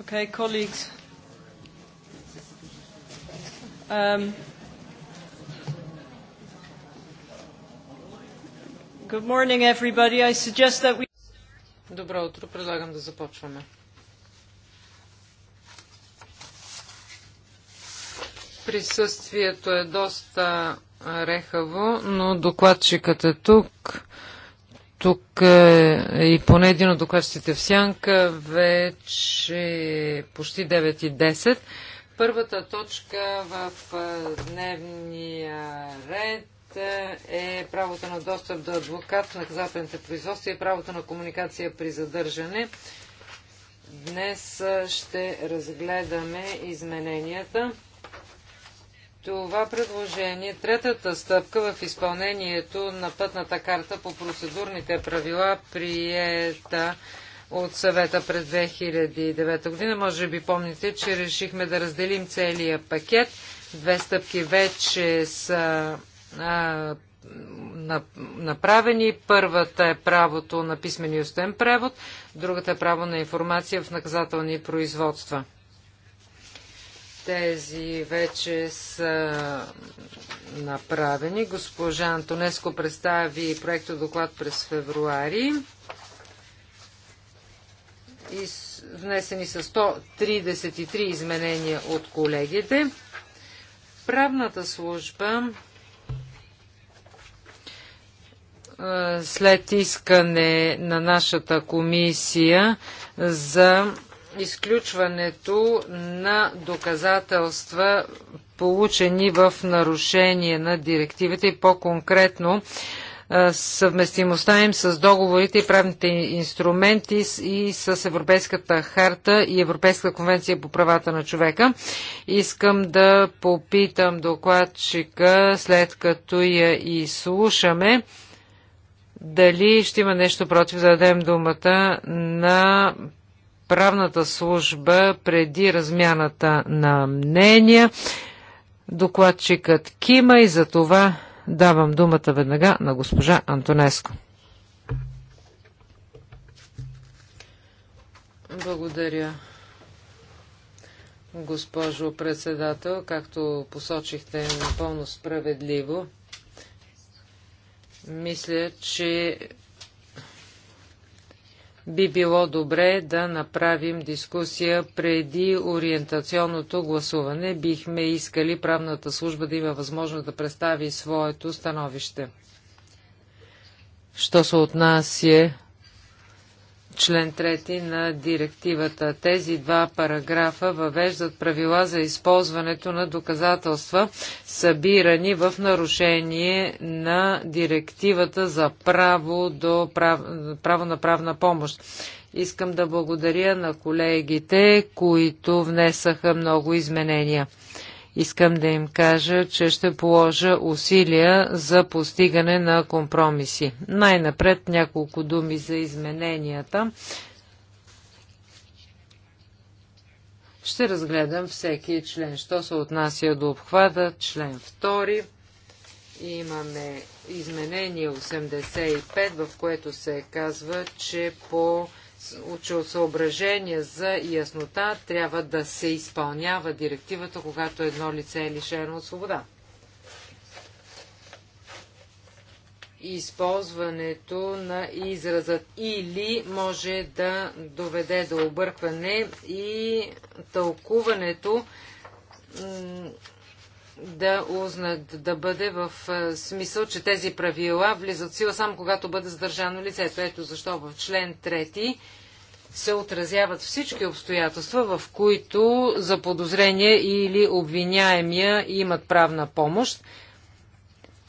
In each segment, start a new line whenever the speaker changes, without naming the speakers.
Okay, colleagues. Um, good morning, everybody. I suggest that we... Добро утро. Предлагам да започваме. Присъствието е доста рехаво, но докладчикът е тук. Тук е, и поне един от докладчиците в сянка вече почти 9 и 10. Първата точка в е, дневния ред е правото на достъп до адвокат, наказателните производства и правото на комуникация при задържане. Днес е, ще разгледаме измененията това предложение, третата стъпка в изпълнението на пътната карта по процедурните правила, приета от съвета през 2009 година. Може би помните, че решихме да разделим целия пакет. Две стъпки вече са а, направени. Първата е правото на писмен и устен превод, другата е право на информация в наказателни производства тези вече са направени. Госпожа Антонеско представи проекта доклад през февруари. И внесени са 133 изменения от колегите. Правната служба след искане на нашата комисия за изключването на доказателства, получени в нарушение на директивите и по-конкретно съвместимостта им с договорите и правните инструменти и с Европейската харта и Европейската конвенция по правата на човека. Искам да попитам докладчика, след като я изслушаме, дали ще има нещо против да дадем думата на правната служба преди размяната на мнения. Докладчикът Кима и за това давам думата веднага на госпожа Антонеско. Благодаря. Госпожо председател, както посочихте е напълно справедливо, мисля, че би било добре да направим дискусия преди ориентационното гласуване. Бихме искали правната служба да има възможност да представи своето становище. Що се отнася член 3 на директивата. Тези два параграфа въвеждат правила за използването на доказателства, събирани в нарушение на директивата за право, до прав... право на правна помощ. Искам да благодаря на колегите, които внесаха много изменения. Искам да им кажа, че ще положа усилия за постигане на компромиси. Най-напред няколко думи за измененията. Ще разгледам всеки член. Що се отнася до обхвата, член 2 имаме изменение 85, в което се казва, че по че от съображение за яснота трябва да се изпълнява директивата, когато едно лице е лишено от свобода. използването на изразът или може да доведе до объркване и тълкуването да, узнат, да бъде в смисъл, че тези правила влизат сила само когато бъде задържано лицето. Ето защо в член 3 се отразяват всички обстоятелства, в които заподозрение или обвиняемия имат правна помощ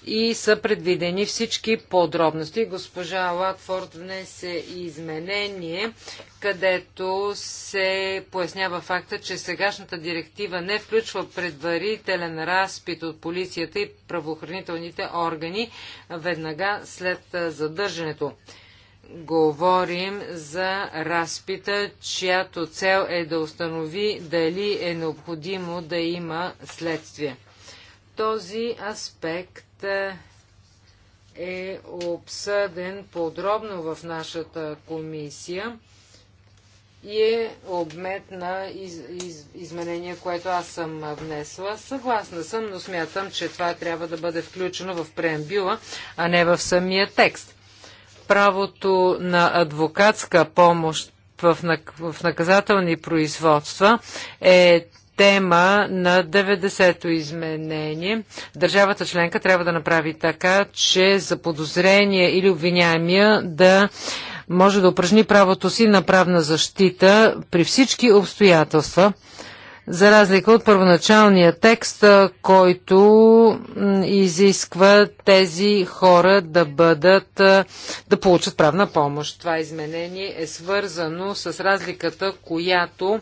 и са предвидени всички подробности. Госпожа Латфорд внесе изменение, където се пояснява факта, че сегашната директива не включва предварителен разпит от полицията и правоохранителните органи веднага след задържането. Говорим за разпита, чиято цел е да установи дали е необходимо да има следствие. Този аспект е обсъден подробно в нашата комисия и е обмет на из, из, изменение, което аз съм внесла. Съгласна съм, но смятам, че това трябва да бъде включено в преамбюла, а не в самия текст. Правото на адвокатска помощ в, в наказателни производства е тема на 90-то изменение. Държавата членка трябва да направи така, че за подозрение или обвиняемия да може да упражни правото си на правна защита при всички обстоятелства, за разлика от първоначалния текст, който изисква тези хора да бъдат, да получат правна помощ. Това изменение е свързано с разликата, която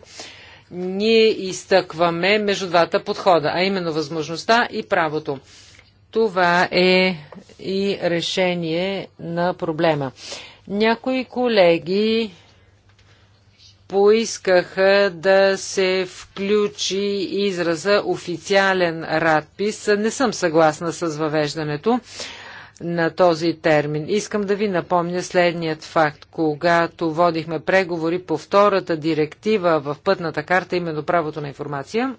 ние изтъкваме между двата подхода, а именно възможността и правото. Това е и решение на проблема. Някои колеги поискаха да се включи израза официален радпис. Не съм съгласна с въвеждането на този термин. Искам да ви напомня следният факт. Когато водихме преговори по втората директива в пътната карта, именно правото на информация,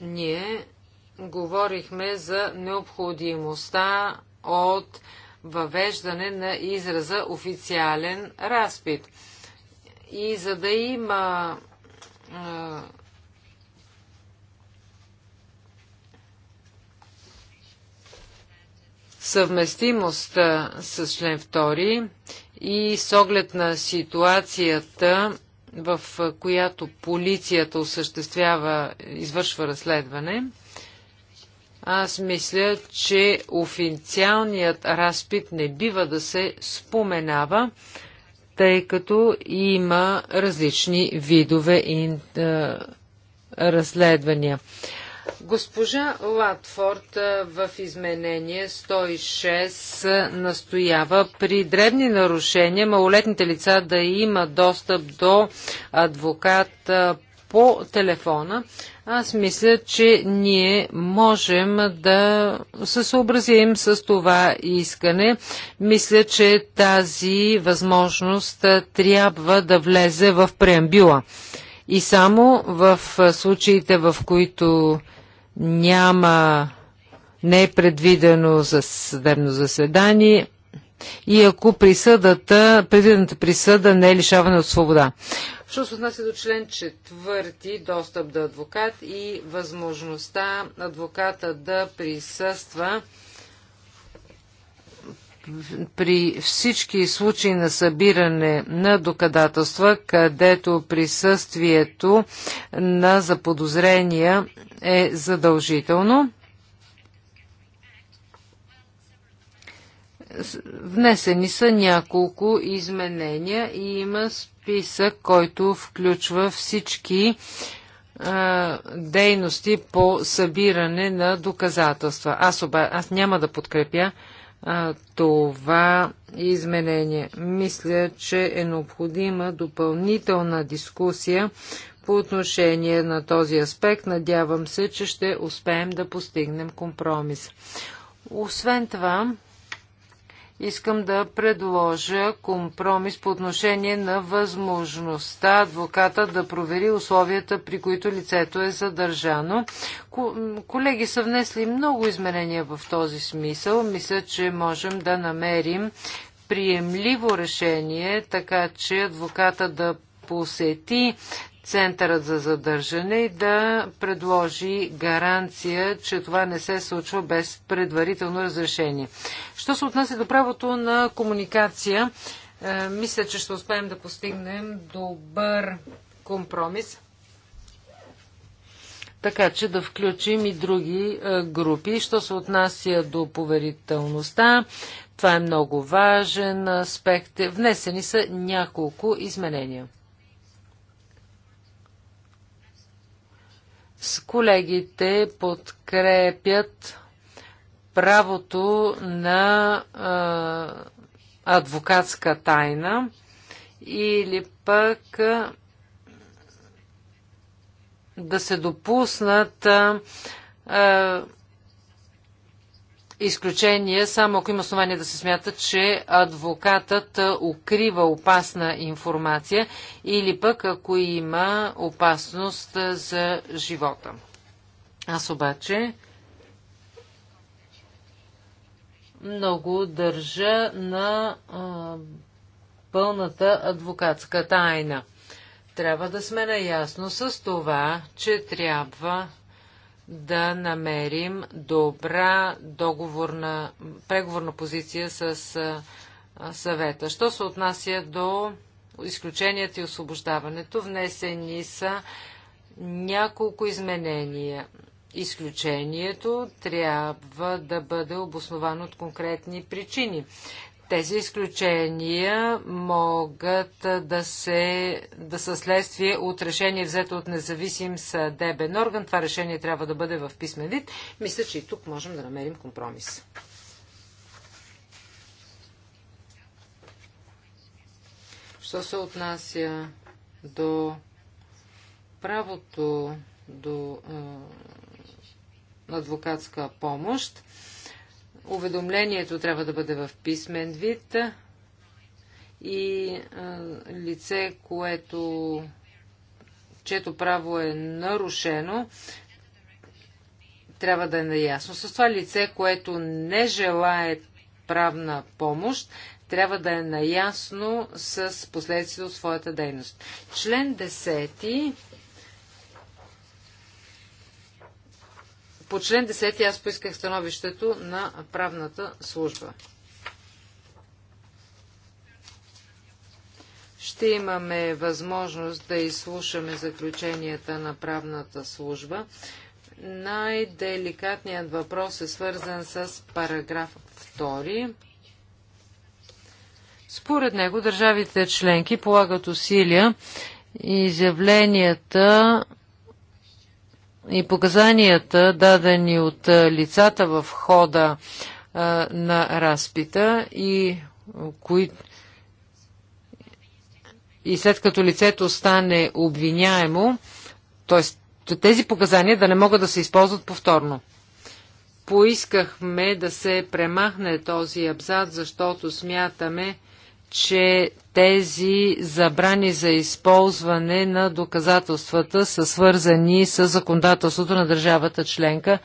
ние говорихме за необходимостта от въвеждане на израза официален разпит. И за да има съвместимост с член 2 и с оглед на ситуацията, в която полицията осъществява, извършва разследване, аз мисля, че официалният разпит не бива да се споменава, тъй като има различни видове и, разследвания. Госпожа Латфорд в изменение 106 настоява при дребни нарушения малолетните лица да има достъп до адвокат по телефона. Аз мисля, че ние можем да се съобразим с това искане. Мисля, че тази възможност трябва да влезе в преамбюла. И само в случаите, в които няма, не е предвидено за съдебно заседание и ако присъдата, предвидената присъда не е лишаване от свобода. Що се отнася до член 4, достъп до адвокат и възможността адвоката да присъства при всички случаи на събиране на доказателства, където присъствието на заподозрения е задължително. Внесени са няколко изменения и има списък, който включва всички дейности по събиране на доказателства. Аз, оба, аз няма да подкрепя а, това изменение. Мисля, че е необходима допълнителна дискусия по отношение на този аспект. Надявам се, че ще успеем да постигнем компромис. Освен това, Искам да предложа компромис по отношение на възможността адвоката да провери условията, при които лицето е задържано. Колеги са внесли много изменения в този смисъл. Мисля, че можем да намерим приемливо решение, така че адвоката да посети Центърът за задържане и да предложи гаранция, че това не се случва без предварително разрешение. Що се отнася до правото на комуникация, е, мисля, че ще успеем да постигнем добър компромис така че да включим и други е, групи. Що се отнася до поверителността, това е много важен аспект. Внесени са няколко изменения. С колегите подкрепят правото на а, адвокатска тайна или пък а, да се допуснат а, изключения, само ако има основание да се смята, че адвокатът укрива опасна информация или пък ако има опасност за живота. Аз обаче много държа на а, пълната адвокатска тайна. Трябва да сме наясно с това, че трябва да намерим добра договорна, преговорна позиция с съвета. Що се отнася до изключенията и освобождаването, внесени са няколко изменения. Изключението трябва да бъде обосновано от конкретни причини. Тези изключения могат да, се, да са следствие от решение взето от независим съдебен орган. Това решение трябва да бъде в писмен вид. Мисля, че и тук можем да намерим компромис. Що се отнася до правото до е, адвокатска помощ, Уведомлението трябва да бъде в писмен вид и а, лице, което чето право е нарушено, трябва да е наясно. С това лице, което не желае правна помощ, трябва да е наясно с последствията от своята дейност. Член По член 10 аз поисках становището на правната служба. Ще имаме възможност да изслушаме заключенията на правната служба. Най-деликатният въпрос е свързан с параграф 2. Според него държавите членки полагат усилия и изявленията и показанията, дадени от лицата в хода на разпита и кои... и след като лицето стане обвиняемо, т.е. тези показания да не могат да се използват повторно. Поискахме да се премахне този абзац, защото смятаме, че тези забрани за използване на доказателствата са свързани с законодателството на държавата членка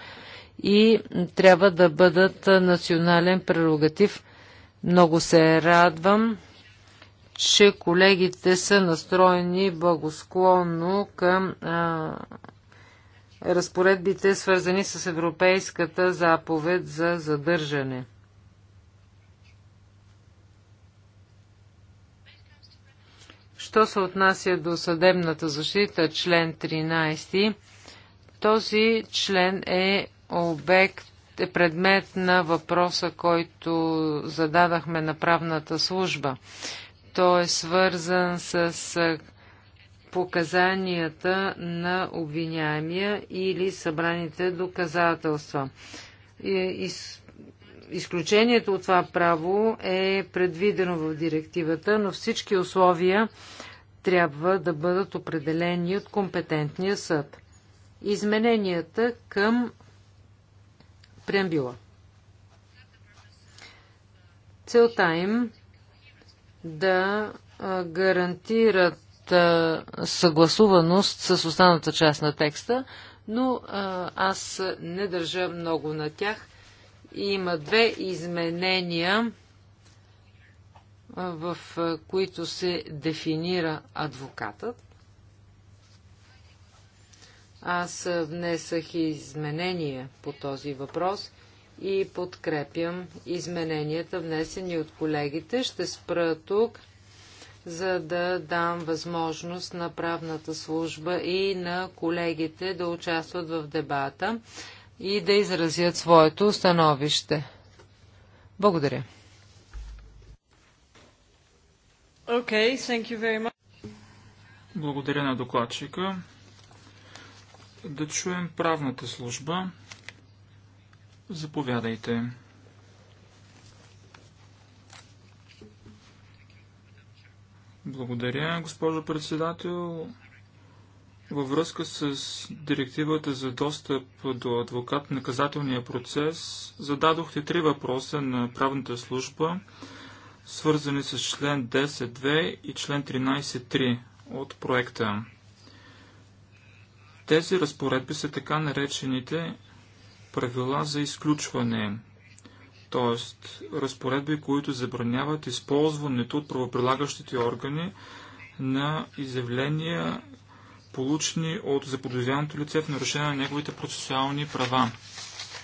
и трябва да бъдат национален прерогатив. Много се радвам, че колегите са настроени благосклонно към а, разпоредбите, свързани с Европейската заповед за задържане. Що се отнася до съдебната защита, член 13, този член е обект, е предмет на въпроса, който зададахме на правната служба. Той е свързан с показанията на обвиняемия или събраните доказателства. И, и изключението от това право е предвидено в директивата, но всички условия трябва да бъдат определени от компетентния съд. Измененията към преамбюла. Целта им да гарантират съгласуваност с останата част на текста, но аз не държа много на тях – има две изменения, в които се дефинира адвокатът. Аз внесах изменения по този въпрос и подкрепям измененията, внесени от колегите. Ще спра тук, за да дам възможност на правната служба и на колегите да участват в дебата и да изразят своето становище. Благодаря. Okay, thank you very much.
Благодаря на докладчика. Да чуем правната служба. Заповядайте. Благодаря, госпожо председател. Във връзка с директивата за достъп до адвокат на наказателния процес, зададохте три въпроса на правната служба, свързани с член 10.2 и член 13.3 от проекта. Тези разпоредби са така наречените правила за изключване, т.е. разпоредби, които забраняват използването от правоприлагащите органи на изявления получени от заподозряното лице в нарушение на неговите процесуални права.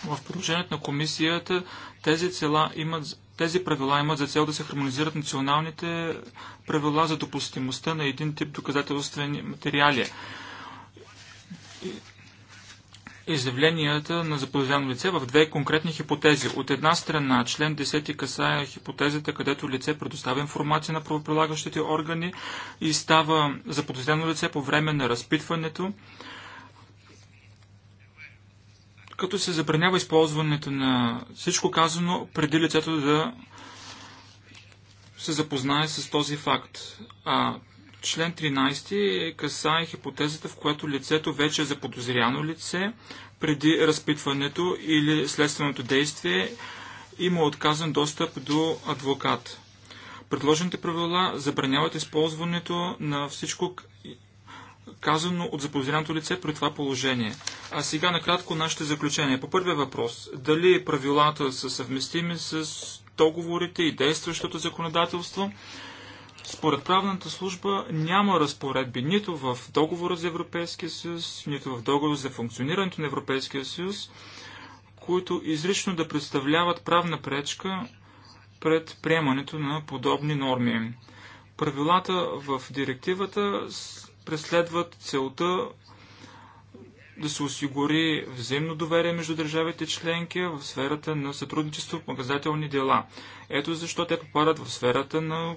В предложението на комисията тези, цела имат, тези правила имат за цел да се хармонизират националните правила за допустимостта на един тип доказателствени материали изявленията на заподозряно лице в две конкретни хипотези. От една страна, член 10 касае хипотезата, където лице предоставя информация на правоприлагащите органи и става заподозряно лице по време на разпитването, като се забранява използването на всичко казано преди лицето да се запознае с този факт. А Член 13 касае хипотезата, в която лицето вече е заподозряно лице преди разпитването или следственото действие и му е отказан достъп до адвокат. Предложените правила забраняват използването на всичко казано от заподозряното лице при това положение. А сега накратко нашите заключения. По първия въпрос, дали правилата са съвместими с договорите и действащото законодателство? Според правната служба няма разпоредби нито в договора за Европейския съюз, нито в договора за функционирането на Европейския съюз, които изрично да представляват правна пречка пред приемането на подобни норми. Правилата в директивата преследват целта да се осигури взаимно доверие между държавите членки в сферата на сътрудничество в магазателни дела. Ето защо те попадат в сферата на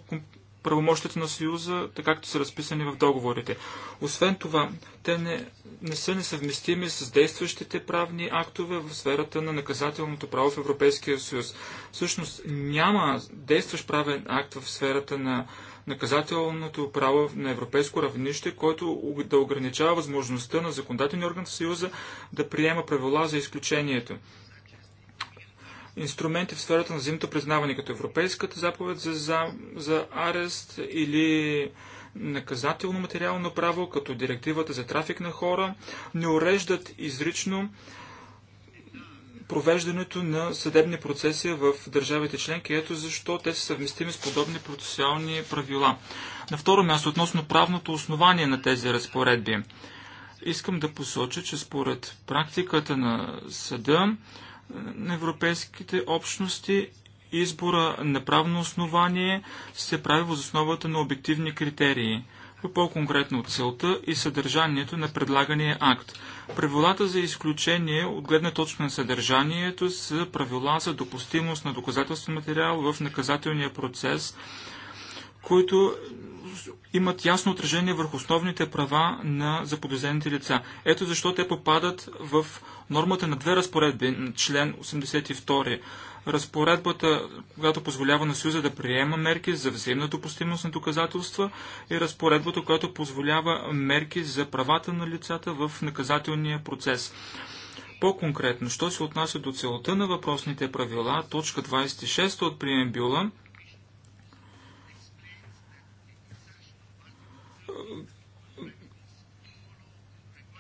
правомощите на Съюза, така както са разписани в договорите. Освен това, те не, не са несъвместими с действащите правни актове в сферата на наказателното право в Европейския съюз. Всъщност няма действащ правен акт в сферата на наказателното право на европейско равнище, който да ограничава възможността на законодателния орган в Съюза да приема правила за изключението инструменти в сферата на взаимното признаване, като Европейската заповед за, за, за арест или наказателно материално право, като Директивата за трафик на хора, не уреждат изрично провеждането на съдебни процеси в държавите членки. Ето защо те са съвместими с подобни процесуални правила. На второ място, относно правното основание на тези разпоредби. Искам да посоча, че според практиката на съда, на европейските общности избора на правно основание се прави въз основата на обективни критерии, по-конкретно целта и съдържанието на предлагания акт. Правилата за изключение от гледна точка на съдържанието са правила за допустимост на доказателствен материал в наказателния процес които имат ясно отражение върху основните права на заподозените лица. Ето защо те попадат в нормата на две разпоредби, на член 82. Разпоредбата, която позволява на Съюза да приема мерки за взаимна допустимост на доказателства и разпоредбата, която позволява мерки за правата на лицата в наказателния процес. По-конкретно, що се отнася до целта на въпросните правила, точка 26 от приембюла –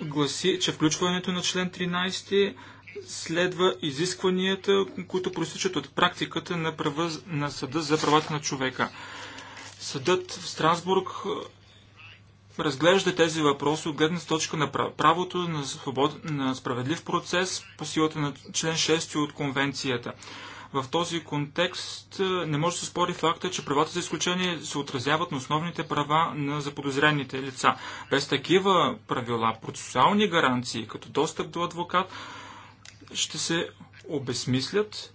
гласи, че включването на член 13 следва изискванията, които проистичат от практиката на, права, на Съда за правата на човека. Съдът в Страсбург разглежда тези въпроси от гледна точка на правото на, свобод... на справедлив процес по силата на член 6 от конвенцията. В този контекст е, не може да се спори факта, че правата за изключение се отразяват на основните права на заподозрените лица. Без такива правила, процесуални гаранции, като достъп до адвокат, ще се обесмислят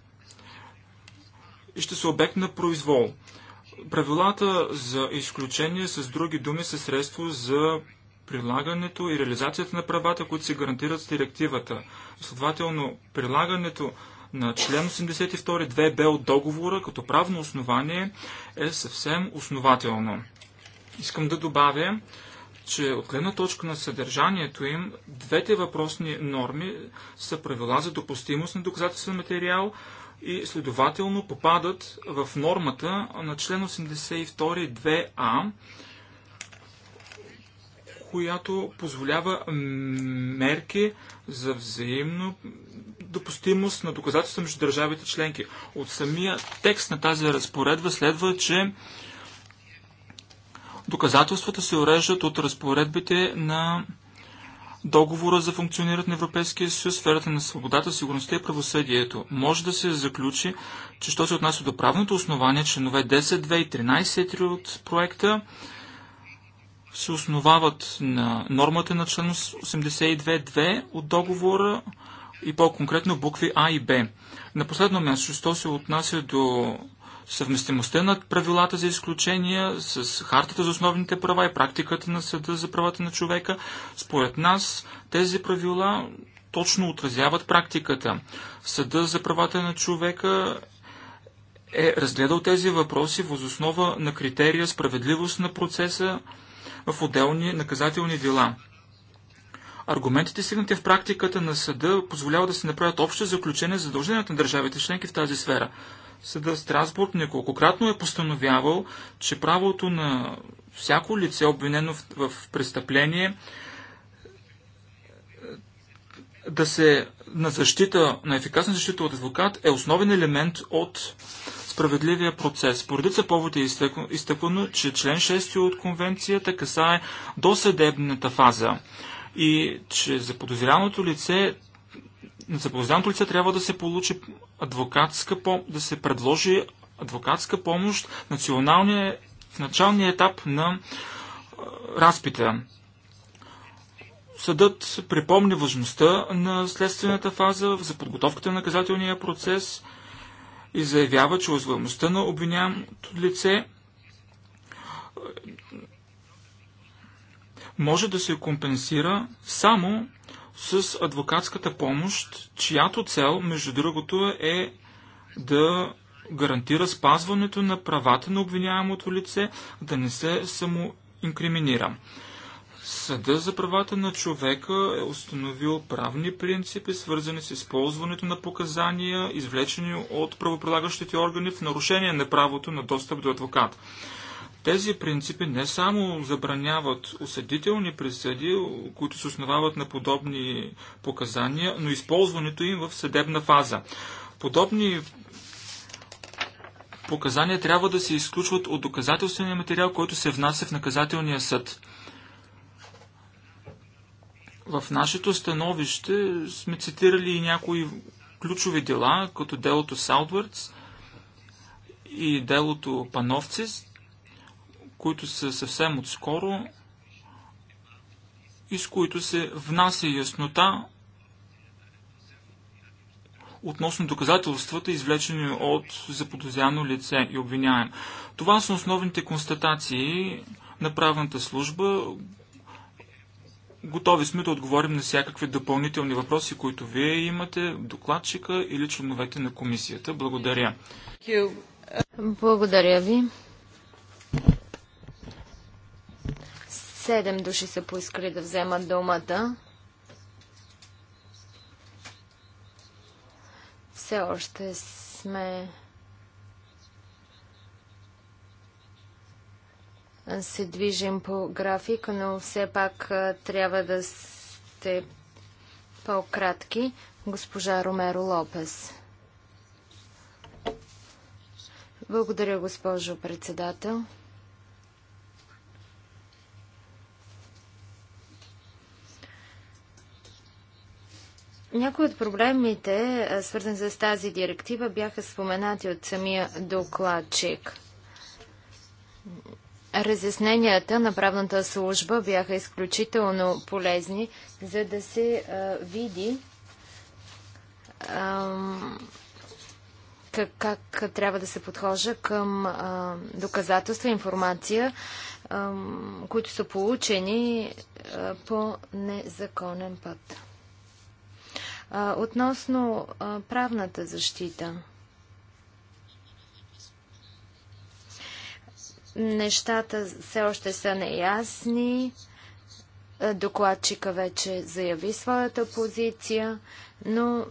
и ще са обект на произвол. Правилата за изключение, с други думи, са средство за прилагането и реализацията на правата, които се гарантират с директивата. Следователно, прилагането на член 82 2b от договора като правно основание е съвсем основателно. Искам да добавя, че от гледна точка на съдържанието им, двете въпросни норми са правила за допустимост на доказателствен материал и следователно попадат в нормата на член 82 2а която позволява мерки за взаимно допустимост на доказателства между държавите членки. От самия текст на тази разпоредба следва, че доказателствата се уреждат от разпоредбите на договора за функционирането на Европейския съюз в сферата на свободата, сигурността и правосъдието. Може да се заключи, че що се отнася до правното основание, членове 10, 2 и 13 от проекта, се основават на нормата на член 82.2 от договора и по-конкретно букви А и Б. На последно място, що се отнася до съвместимостта на правилата за изключения с хартата за основните права и практиката на съда за правата на човека, според нас тези правила точно отразяват практиката. Съда за правата на човека е разгледал тези въпроси въз основа на критерия справедливост на процеса, в отделни наказателни дела. Аргументите, стигнати в практиката на съда, позволяват да се направят общо заключение за задълженията на държавите членки в тази сфера. Съда Страсбург неколкократно е постановявал, че правото на всяко лице, обвинено в, в престъпление, да се на защита, на ефикасна защита от адвокат е основен елемент от справедливия процес. Поредица повод е изтъквано, че член 6 от конвенцията касае до съдебната фаза и че за подозряното лице за подозряното лице трябва да се получи адвокатска да се предложи адвокатска помощ в, националния... в началния етап на разпита. Съдът припомни важността на следствената фаза за подготовката на наказателния процес и заявява, че уязвимостта на обвиняемото лице може да се компенсира само с адвокатската помощ, чиято цел, между другото, е да гарантира спазването на правата на обвиняемото лице, да не се самоинкриминира. инкриминира. Съда за правата на човека е установил правни принципи, свързани с използването на показания, извлечени от правоприлагащите органи в нарушение на правото на достъп до адвокат. Тези принципи не само забраняват осъдителни присъди, които се основават на подобни показания, но използването им в съдебна фаза. Подобни показания трябва да се изключват от доказателствения материал, който се внася в наказателния съд. В нашето становище сме цитирали и някои ключови дела, като делото Southwards и делото Пановцис, които са съвсем отскоро и с които се внася яснота относно доказателствата, извлечени от заподозяно лице и обвиняем. Това са основните констатации на правната служба, Готови сме да отговорим на всякакви допълнителни въпроси, които вие имате, докладчика или членовете на комисията. Благодаря.
Благодаря ви. Седем души са поискали да вземат думата. Все още сме се движим по график, но все пак трябва да сте по-кратки. Госпожа Ромеро Лопес. Благодаря, госпожо председател. Някои от проблемите, свързани с тази директива, бяха споменати от самия докладчик. Разясненията на правната служба бяха изключително полезни, за да се а, види а, как, как трябва да се подхожа към а, доказателства, информация, а, които са получени а, по незаконен път. А, относно а, правната защита – Нещата все още са неясни. Е, докладчика вече заяви своята позиция, но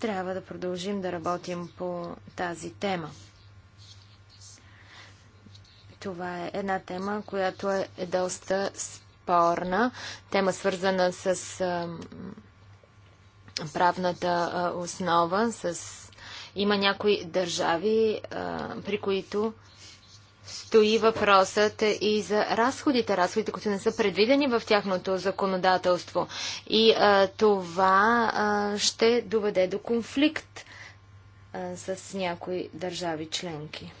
трябва да продължим да работим по тази тема. Това е една тема, която е, е доста спорна. Тема свързана с а, правната а, основа. С... Има някои държави, а, при които стои въпросът и за разходите, разходите, които не са предвидени в тяхното законодателство. И а, това а, ще доведе до конфликт а, с някои държави членки.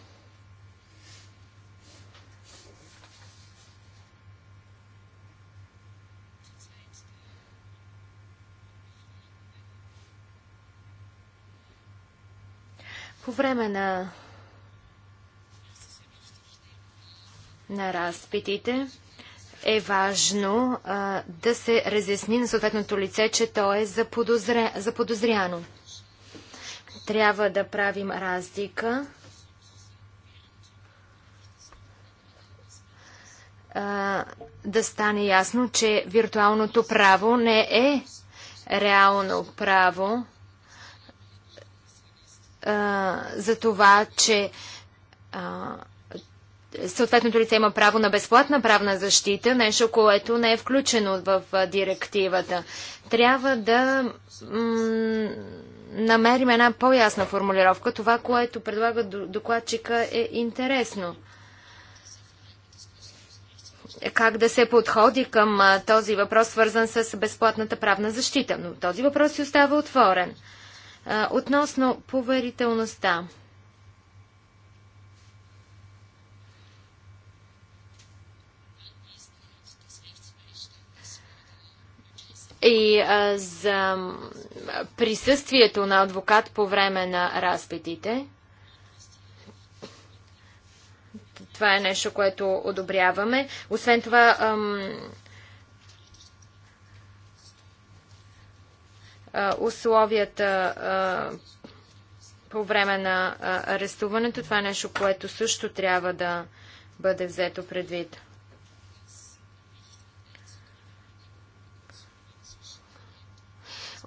По време на на разпитите, е важно а, да се разясни на съответното лице, че то е заподозря... заподозряно. Трябва да правим разлика а, да стане ясно, че виртуалното право не е реално право а, за това, че а, съответното лице има право на безплатна правна защита, нещо, което не е включено в директивата. Трябва да намерим една по-ясна формулировка. Това, което предлага докладчика е интересно. Как да се подходи към този въпрос, свързан с безплатната правна защита. Но този въпрос си остава отворен. Относно поверителността. и а, за присъствието на адвокат по време на разпитите. Това е нещо, което одобряваме. Освен това, ам, а, условията а, по време на арестуването, това е нещо, което също трябва да бъде взето предвид.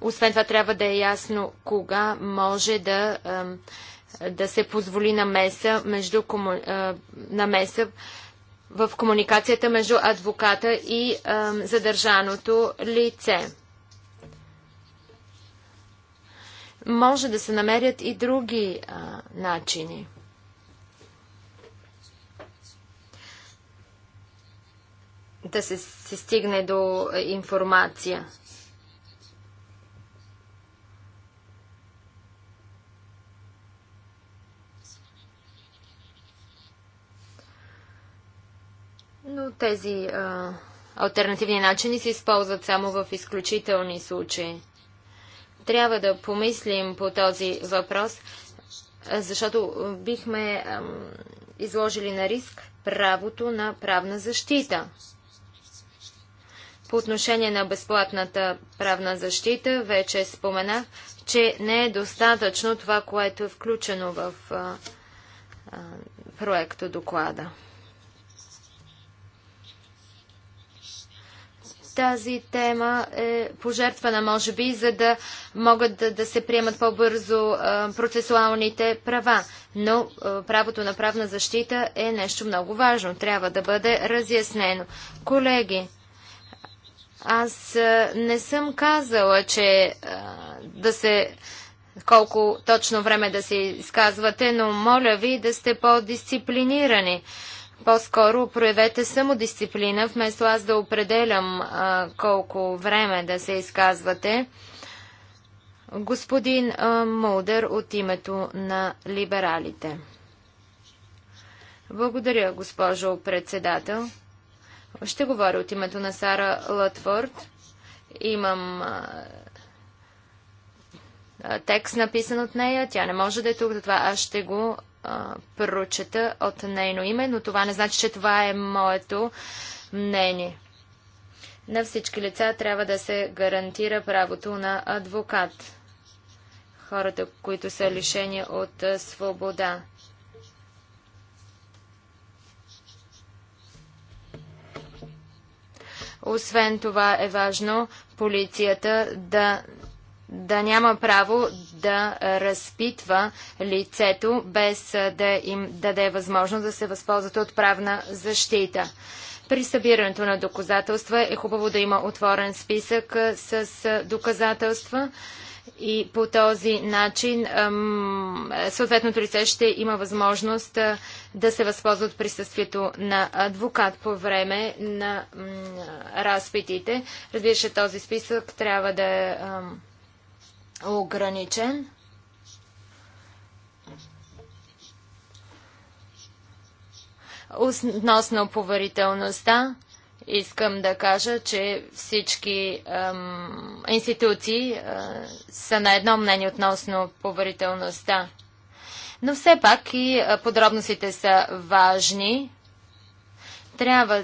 Освен това трябва да е ясно кога може да, да се позволи намеса, между, намеса в комуникацията между адвоката и задържаното лице. Може да се намерят и други а, начини. Да се, се стигне до информация. Но тези а, альтернативни начини се използват само в изключителни случаи. Трябва да помислим по този въпрос, защото бихме а, изложили на риск правото на правна защита. По отношение на безплатната правна защита, вече споменах, че не е достатъчно това, което е включено в а, а, проекто доклада. тази тема е пожертвана, може би, за да могат да, да се приемат по-бързо процесуалните права. Но а, правото на правна защита е нещо много важно. Трябва да бъде разяснено. Колеги, аз а, не съм казала, че а, да се колко точно време да се изказвате, но моля ви да сте по-дисциплинирани. По-скоро проявете самодисциплина, вместо аз да определям а, колко време да се изказвате. Господин а, Молдер от името на либералите. Благодаря, госпожо председател. Ще говоря от името на Сара Лътфорд. Имам а, текст написан от нея. Тя не може да е тук, затова аз ще го прочета от нейно име, но това не значи, че това е моето мнение. На всички лица трябва да се гарантира правото на адвокат. Хората, които са лишени от свобода. Освен това е важно полицията да да няма право да разпитва лицето, без да им даде възможност да се възползват от правна защита. При събирането на доказателства е хубаво да има отворен списък с доказателства и по този начин съответното лице ще има възможност да се възползва от присъствието на адвокат по време на разпитите. Разбира се, този списък трябва да е ограничен. Относно поверителността, искам да кажа, че всички ем, институции е, са на едно мнение относно поверителността. Но все пак и подробностите са важни. Трябва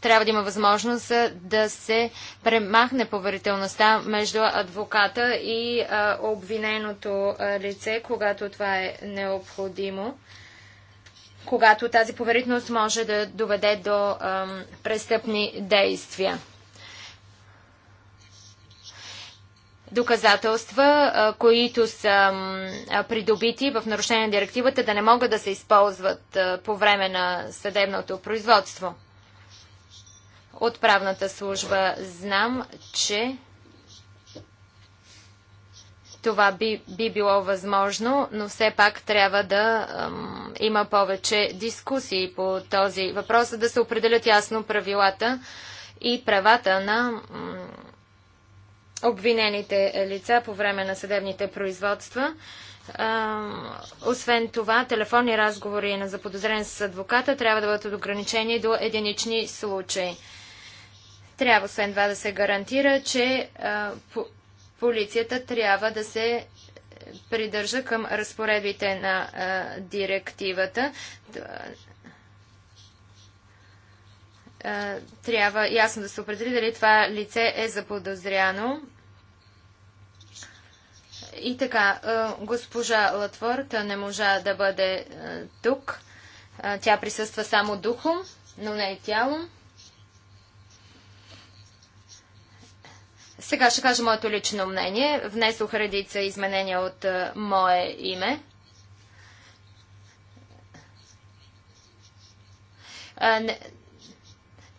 трябва да има възможност да се премахне поверителността между адвоката и обвиненото лице, когато това е необходимо, когато тази поверителност може да доведе до престъпни действия. доказателства, които са придобити в нарушение на директивата, да не могат да се използват по време на съдебното производство. От правната служба знам, че това би, би било възможно, но все пак трябва да ам, има повече дискусии по този въпрос, да се определят ясно правилата и правата на ам, обвинените лица по време на съдебните производства. Ам, освен това, телефонни разговори на заподозрен с адвоката трябва да бъдат ограничени до единични случаи. Трябва освен това да се гарантира, че а, по полицията трябва да се придържа към разпоредбите на а, директивата. трябва ясно да се определи дали това лице е заподозряно. И така, госпожа Латворт не можа да бъде тук. Тя присъства само духом, но не и тялом. Сега ще кажа моето лично мнение. Внесох редица изменения от а, е, мое име. А, е, не,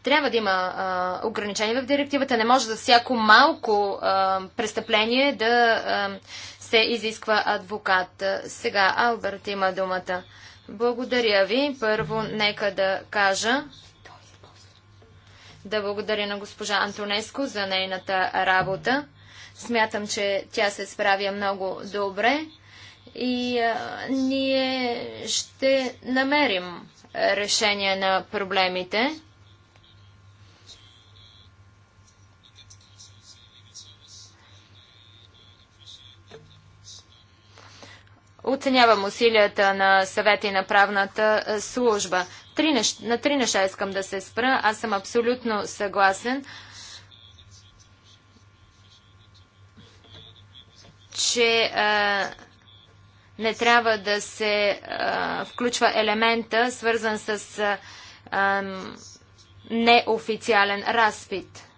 трябва да има а, е, ограничения в директивата. Не може за всяко малко а, престъпление да а, се изисква адвокат. Сега Алберт има думата. Благодаря ви. Първо, нека да кажа, да благодаря на госпожа Антонеско за нейната работа. Смятам, че тя се справя много добре и а, ние ще намерим решение на проблемите. Оценявам усилията на съвети на правната служба три неща, на три неща искам да се спра. Аз съм абсолютно съгласен, че а, не трябва да се а, включва елемента, свързан с а, неофициален разпит.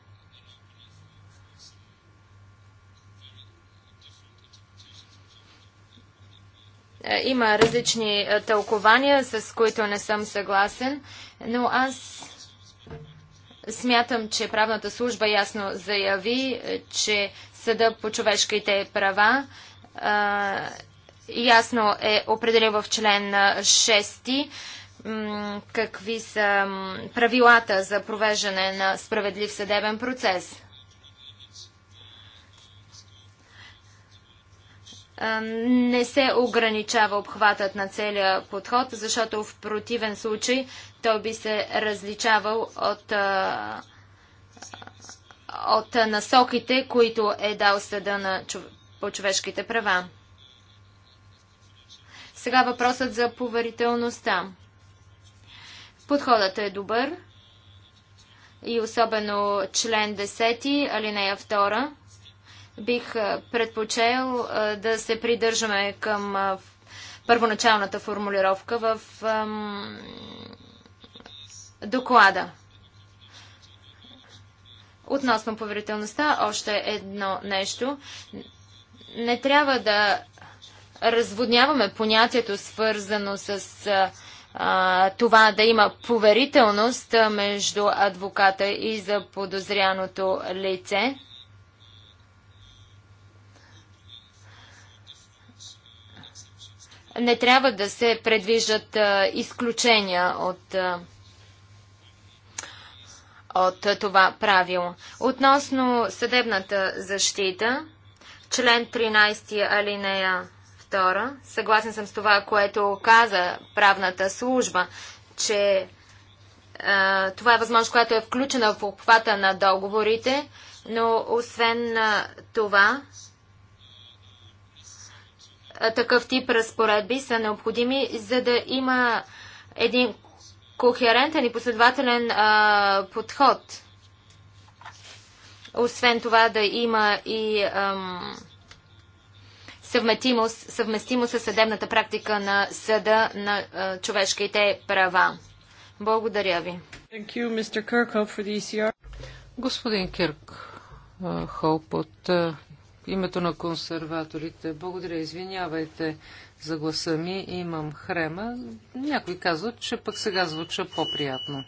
Е, има различни е, тълкования, с които не съм съгласен, но аз смятам, че правната служба ясно заяви, е, че Съда по човешките права ясно е определил в член 6 какви са правилата за провеждане на справедлив съдебен процес. не се ограничава обхватът на целия подход, защото в противен случай той би се различавал от, от насоките, които е дал съда на, по човешките права. Сега въпросът за поверителността. Подходът е добър и особено член 10, алинея 2 бих предпочел да се придържаме към първоначалната формулировка в доклада. Относно поверителността, още едно нещо. Не трябва да разводняваме понятието, свързано с а, това да има поверителност между адвоката и заподозряното лице. не трябва да се предвиждат изключения от, от това правило. Относно съдебната защита, член 13 алинея 2, съгласен съм с това, което каза правната служба, че а, това е възможност, която е включена в обхвата на договорите, но освен това, такъв тип разпоредби са необходими, за да има един кохерентен и последователен а, подход. Освен това да има и ам, съвместимост, съвместимост с съдебната практика на съда на а, човешките права. Благодаря ви. Thank you, Mr.
for the ECR. Господин Кирк Хоуп от името на консерваторите. Благодаря, извинявайте за гласа ми, имам хрема. Някой казват, че пък сега звуча по-приятно.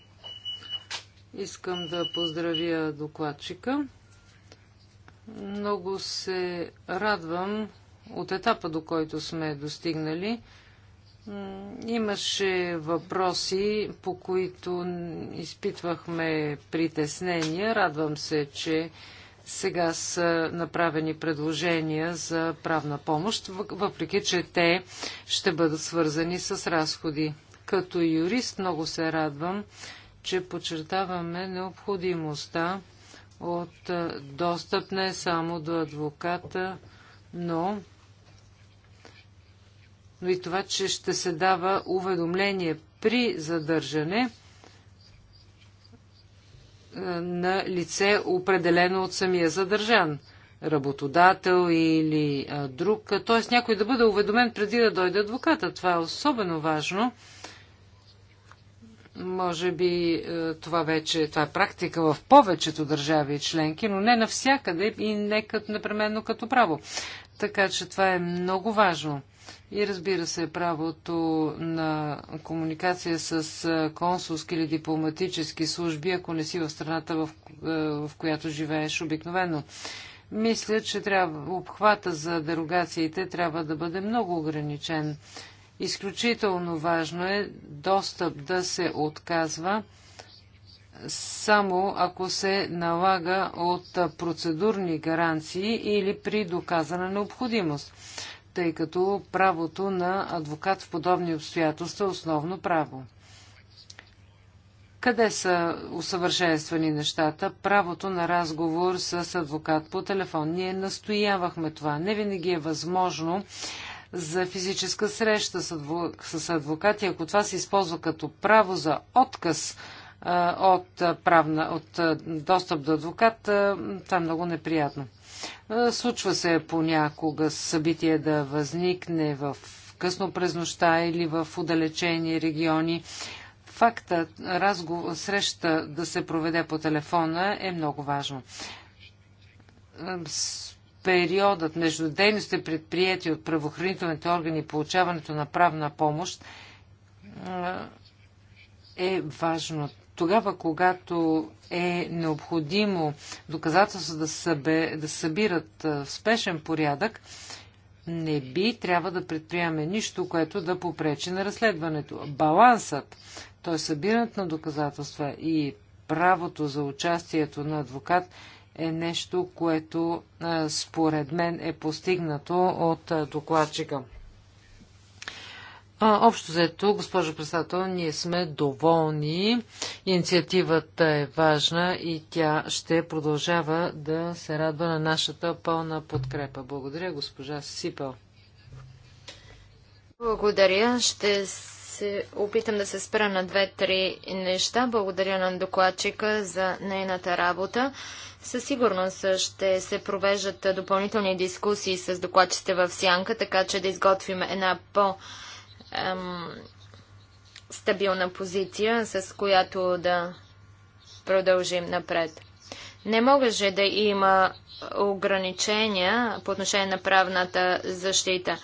Искам да поздравя докладчика. Много се радвам от етапа, до който сме достигнали. Имаше въпроси, по които изпитвахме притеснения. Радвам се, че сега са направени предложения за правна помощ, въпреки че те ще бъдат свързани с разходи. Като юрист много се радвам, че подчертаваме необходимостта от достъп не само до адвоката, но, но и това, че ще се дава уведомление при задържане – на лице, определено от самия задържан работодател или а, друг, т.е. някой да бъде уведомен преди да дойде адвоката. Това е особено важно. Може би това вече това е практика в повечето държави и членки, но не навсякъде и не като непременно като право. Така че това е много важно. И разбира се, правото на комуникация с консулски или дипломатически служби, ако не си в страната, в, в която живееш обикновено. Мисля, че трябва, обхвата за дерогациите трябва да бъде много ограничен. Изключително важно е достъп да се отказва само ако се налага от процедурни гаранции или при доказана необходимост тъй като правото на адвокат в подобни обстоятелства е основно право. Къде са усъвършенствани нещата? Правото на разговор с адвокат по телефон. Ние настоявахме това. Не винаги е възможно за физическа среща с адвокат и ако това се използва като право за отказ от, правна, от достъп до адвокат, това е много неприятно. Случва се понякога събитие да възникне в късно през нощта или в отдалечени региони. Факта разговор, среща да се проведе по телефона е много важно. Периодът между дейностите предприяти от правоохранителните органи и получаването на правна помощ е важно тогава, когато е необходимо доказателства да, събе, да събират в спешен порядък, не би трябва да предприеме нищо, което да попречи на разследването. Балансът, т.е. събирането на доказателства и правото за участието на адвокат е нещо, което според мен е постигнато от докладчика. Общо заето, госпожо председател, ние сме доволни. Инициативата е важна и тя ще продължава да се радва на нашата пълна подкрепа. Благодаря, госпожа Сипел.
Благодаря. Ще се опитам да се спра на две-три неща. Благодаря на докладчика за нейната работа. Със сигурност ще се провеждат допълнителни дискусии с докладчите в Сянка, така че да изготвим една по- ем, стабилна позиция, с която да продължим напред. Не же да има ограничения по отношение на правната защита.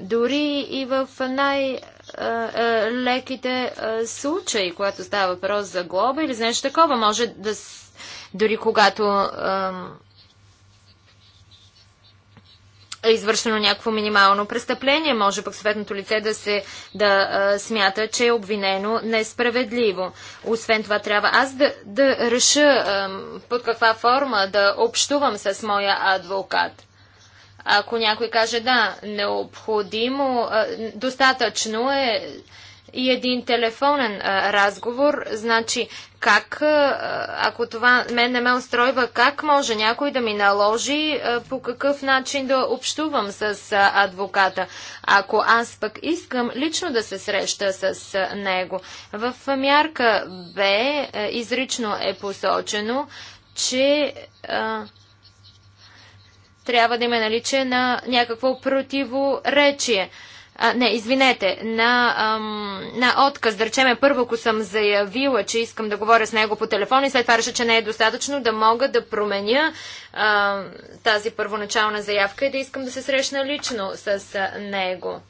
Дори и в най-леките случаи, когато става въпрос за глоба или за нещо такова, може да дори когато е извършено някакво минимално престъпление. Може пък съветното лице да, се, да а, смята, че е обвинено несправедливо. Освен това, трябва аз да, да реша а, под каква форма да общувам с моя адвокат. Ако някой каже да, необходимо, а, достатъчно е и един телефонен а, разговор. Значи, как, ако това мен не ме устройва, как може някой да ми наложи а, по какъв начин да общувам с а, адвоката, ако аз пък искам лично да се среща с а, него. В мярка Б а, изрично е посочено, че. А, трябва да има наличие на някакво противоречие а, не, извинете, на, ам, на отказ, да речеме, първо, ако съм заявила, че искам да говоря с него по телефон и след това реша, че не е достатъчно, да мога да променя ам, тази първоначална заявка и да искам да се срещна лично с а, него.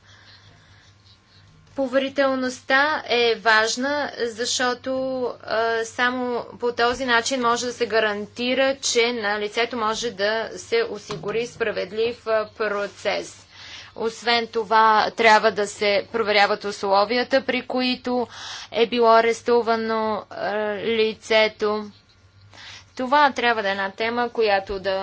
Поверителността е важна, защото а, само по този начин може да се гарантира, че на лицето може да се осигури справедлив а, процес. Освен това, трябва да се проверяват условията, при които е било арестувано е, лицето. Това трябва да е една тема, която да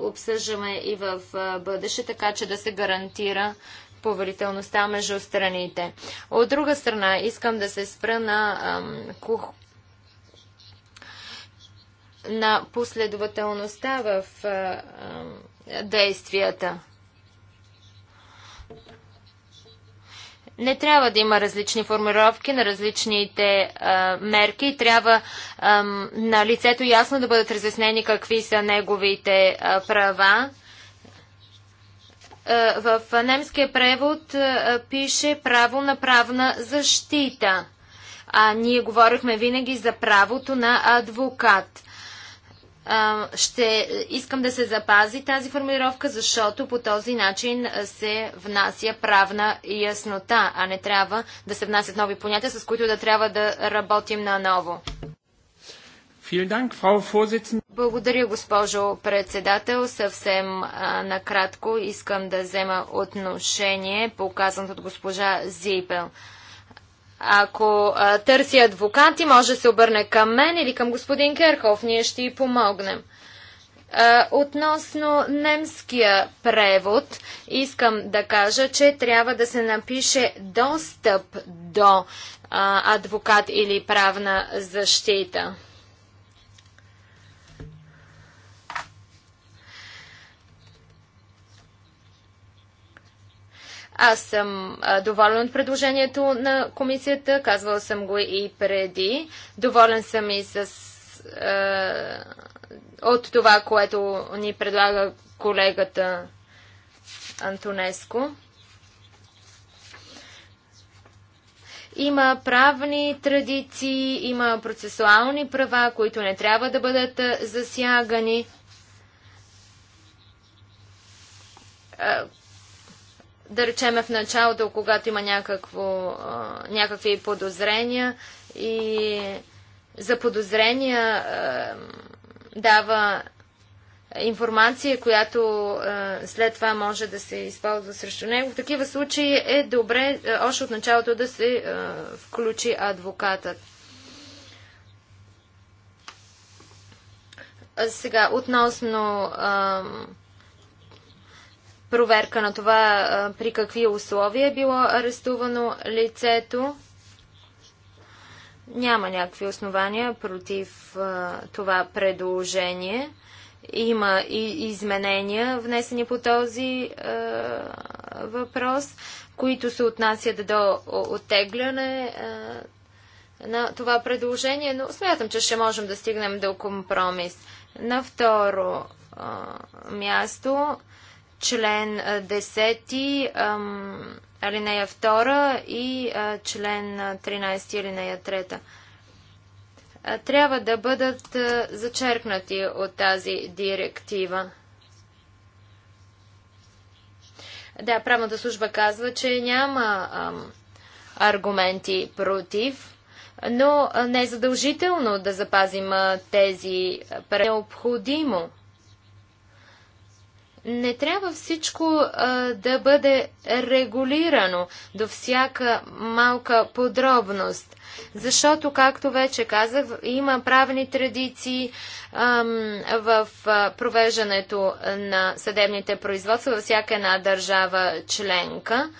е, обсъждаме и в е, бъдеще, така че да се гарантира поверителността между страните. От друга страна, искам да се спра на, кух... на последователността в е, действията. Не трябва да има различни формировки на различните а, мерки. Трябва а, на лицето ясно да бъдат разяснени какви са неговите а, права. А, в немския превод а, пише право на правна защита. А ние говорихме винаги за правото на адвокат ще искам да се запази тази формулировка, защото по този начин се внася правна яснота, а не трябва да се внасят нови понятия, с които да трябва да работим наново. Благодаря, госпожо председател. Съвсем а, накратко искам да взема отношение, показано от госпожа Зипел. Ако а, търси адвокати, може да се обърне към мен или към господин Керхов. Ние ще й помогнем. А, относно немския превод, искам да кажа, че трябва да се напише достъп до а, адвокат или правна защита. Аз съм доволен от предложението на комисията, казвал съм го и преди. Доволен съм и с, е, от това, което ни предлага колегата Антонеско. Има правни традиции, има процесуални права, които не трябва да бъдат засягани да речеме в началото, когато има някакво, а, някакви подозрения и за подозрения а, дава информация, която а, след това може да се използва срещу него. В такива случаи е добре още от началото да се включи адвокатът. Сега, относно проверка на това при какви условия е било арестувано лицето. Няма някакви основания против това предложение. Има и изменения, внесени по този е, въпрос, които се отнасят до оттегляне е, на това предложение, но смятам, че ще можем да стигнем до компромис. На второ е, място. Е, член 10, алинея 2 и член 13, алинея 3 трябва да бъдат зачеркнати от тази директива. Да, правната служба казва, че няма ам, аргументи против, но не е задължително да запазим тези. Необходимо не трябва всичко а, да бъде регулирано до всяка малка подробност, защото, както вече казах, има правни традиции ам, в а, провеждането на съдебните производства във всяка една държава членка.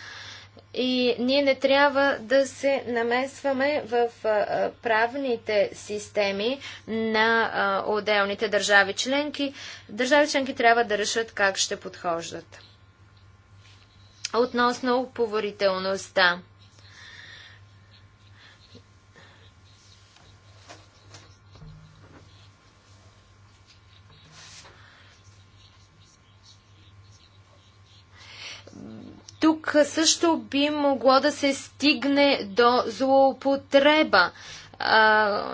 И ние не трябва да се намесваме в правните системи на отделните държави членки. Държави членки трябва да решат как ще подхождат. Относно поверителността. Тук също би могло да се стигне до злоупотреба. А,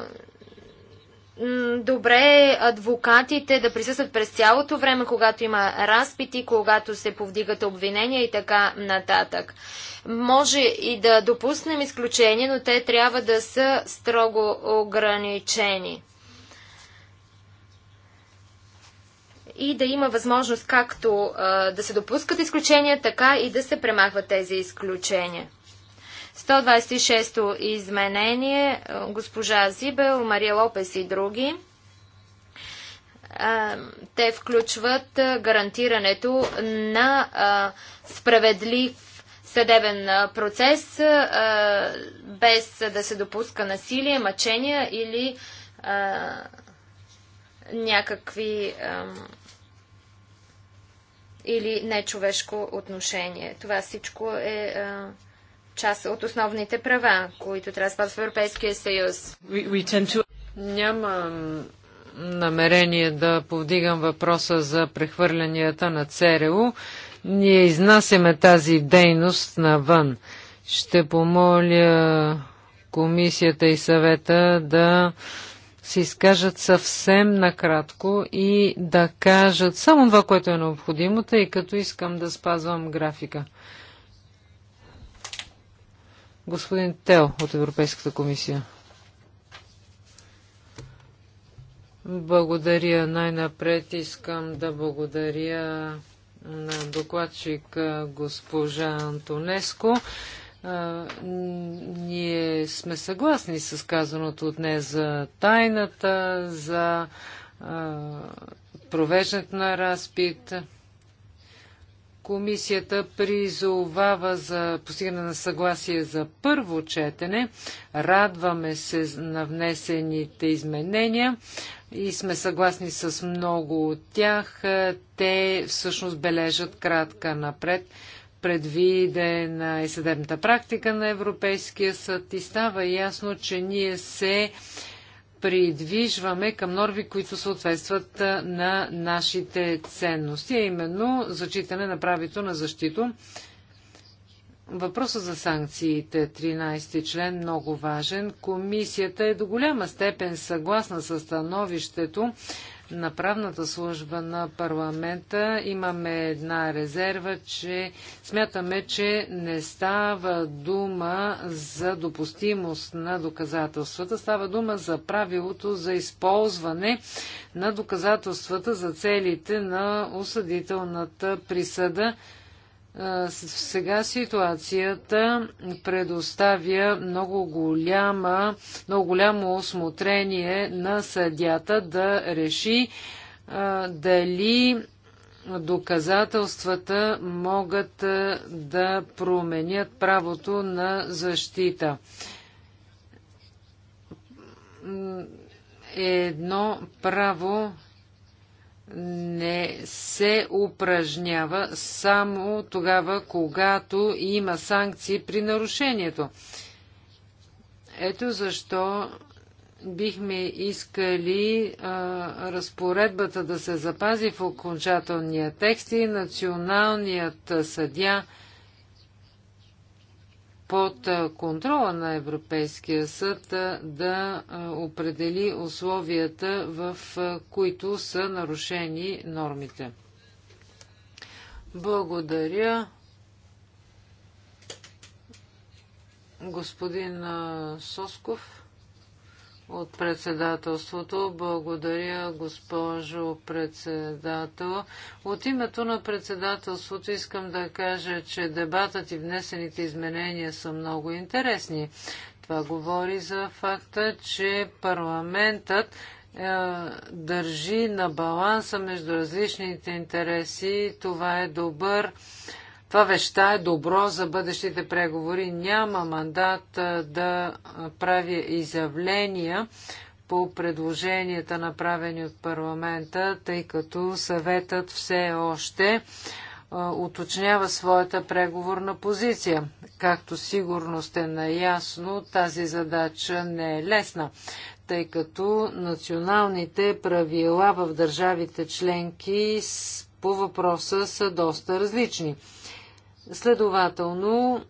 добре е адвокатите да присъстват през цялото време, когато има разпити, когато се повдигат обвинения и така нататък. Може и да допуснем изключение, но те трябва да са строго ограничени. и да има възможност както а, да се допускат изключения, така и да се премахват тези изключения. 126-то изменение, госпожа Зибел, Мария Лопес и други. те включват гарантирането на справедлив съдебен процес, без да се допуска насилие, мъчения или някакви или нечовешко отношение. Това всичко е а, част от основните права, които трябва да спазва в Европейския съюз.
We, we to...
Нямам
намерение да повдигам въпроса за прехвърлянията на ЦРУ. Ние изнасяме тази дейност навън. Ще помоля комисията и съвета да се изкажат съвсем накратко и да кажат само това, което е необходимо, тъй като искам да спазвам графика. Господин Тел от Европейската комисия. Благодаря. Най-напред искам да благодаря на докладчик госпожа Антонеско ние сме съгласни с казаното от нея за тайната, за а, провеждането на разпит. Комисията призовава за постигане на съгласие за първо четене. Радваме се на внесените изменения и сме съгласни с много от тях. Те всъщност бележат кратка напред предвидена е съдебната практика на Европейския съд и става ясно, че ние се придвижваме към норми, които съответстват на нашите ценности, а именно зачитане на правито на защито. Въпросът за санкциите, 13 член, много важен. Комисията е до голяма степен съгласна с становището на правната служба на парламента имаме една резерва, че смятаме, че не става дума за допустимост на доказателствата, става дума за правилото за използване на доказателствата за целите на осъдителната присъда сега ситуацията предоставя много, голяма, много голямо осмотрение на съдята да реши дали доказателствата могат да променят правото на защита. Едно право не се упражнява само тогава, когато има санкции при нарушението. Ето защо бихме искали а, разпоредбата да се запази в окончателния текст и националният съдя под контрола на Европейския съд да определи условията, в които са нарушени нормите. Благодаря. Господин Сосков от председателството. Благодаря, госпожо председател. От името на председателството искам да кажа, че дебатът и внесените изменения са много интересни. Това говори за факта, че парламентът е, държи на баланса между различните интереси. Това е добър това веща е добро за бъдещите преговори. Няма мандат да прави изявления по предложенията, направени от парламента, тъй като съветът все още уточнява своята преговорна позиция. Както сигурно сте наясно, тази задача не е лесна, тъй като националните правила в държавите членки по въпроса са доста различни. Следователно,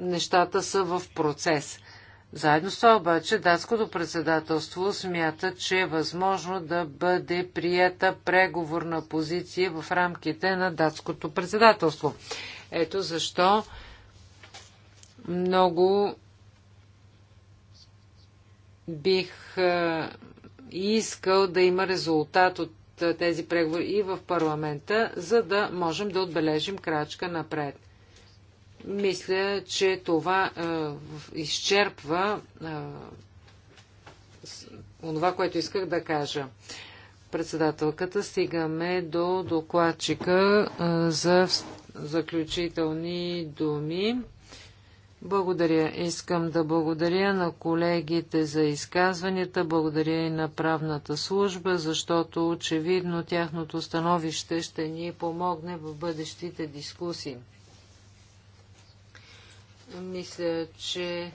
нещата са в процес. Заедно с това обаче датското председателство смята, че е възможно да бъде прията преговорна позиция в рамките на датското председателство. Ето защо много бих искал да има резултат от тези преговори и в парламента, за да можем да отбележим крачка напред. Мисля, че това е, изчерпва е, това, което исках да кажа. Председателката стигаме до докладчика е, за заключителни думи. Благодаря. Искам да благодаря на колегите за изказванията, благодаря и на правната служба, защото очевидно тяхното становище ще ни помогне в бъдещите дискусии. Мисля, че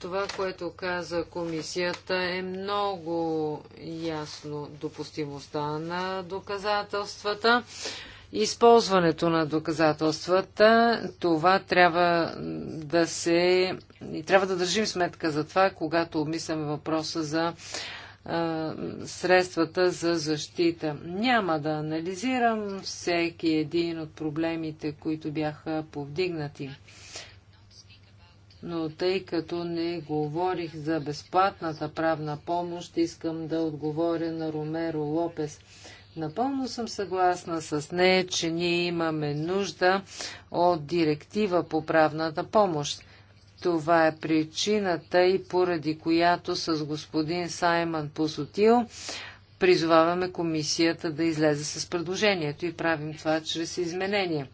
това, което каза комисията е много ясно допустимостта на доказателствата използването на доказателствата, това трябва да се... И трябва да държим сметка за това, когато обмисляме въпроса за а, средствата за защита. Няма да анализирам всеки един от проблемите, които бяха повдигнати. Но тъй като не говорих за безплатната правна помощ, искам да отговоря на Ромеро Лопес – Напълно съм съгласна с нея, че ние имаме нужда от директива по правната помощ. Това е причината и поради която с господин Саймън Посотил призоваваме комисията да излезе с предложението и правим това чрез изменение.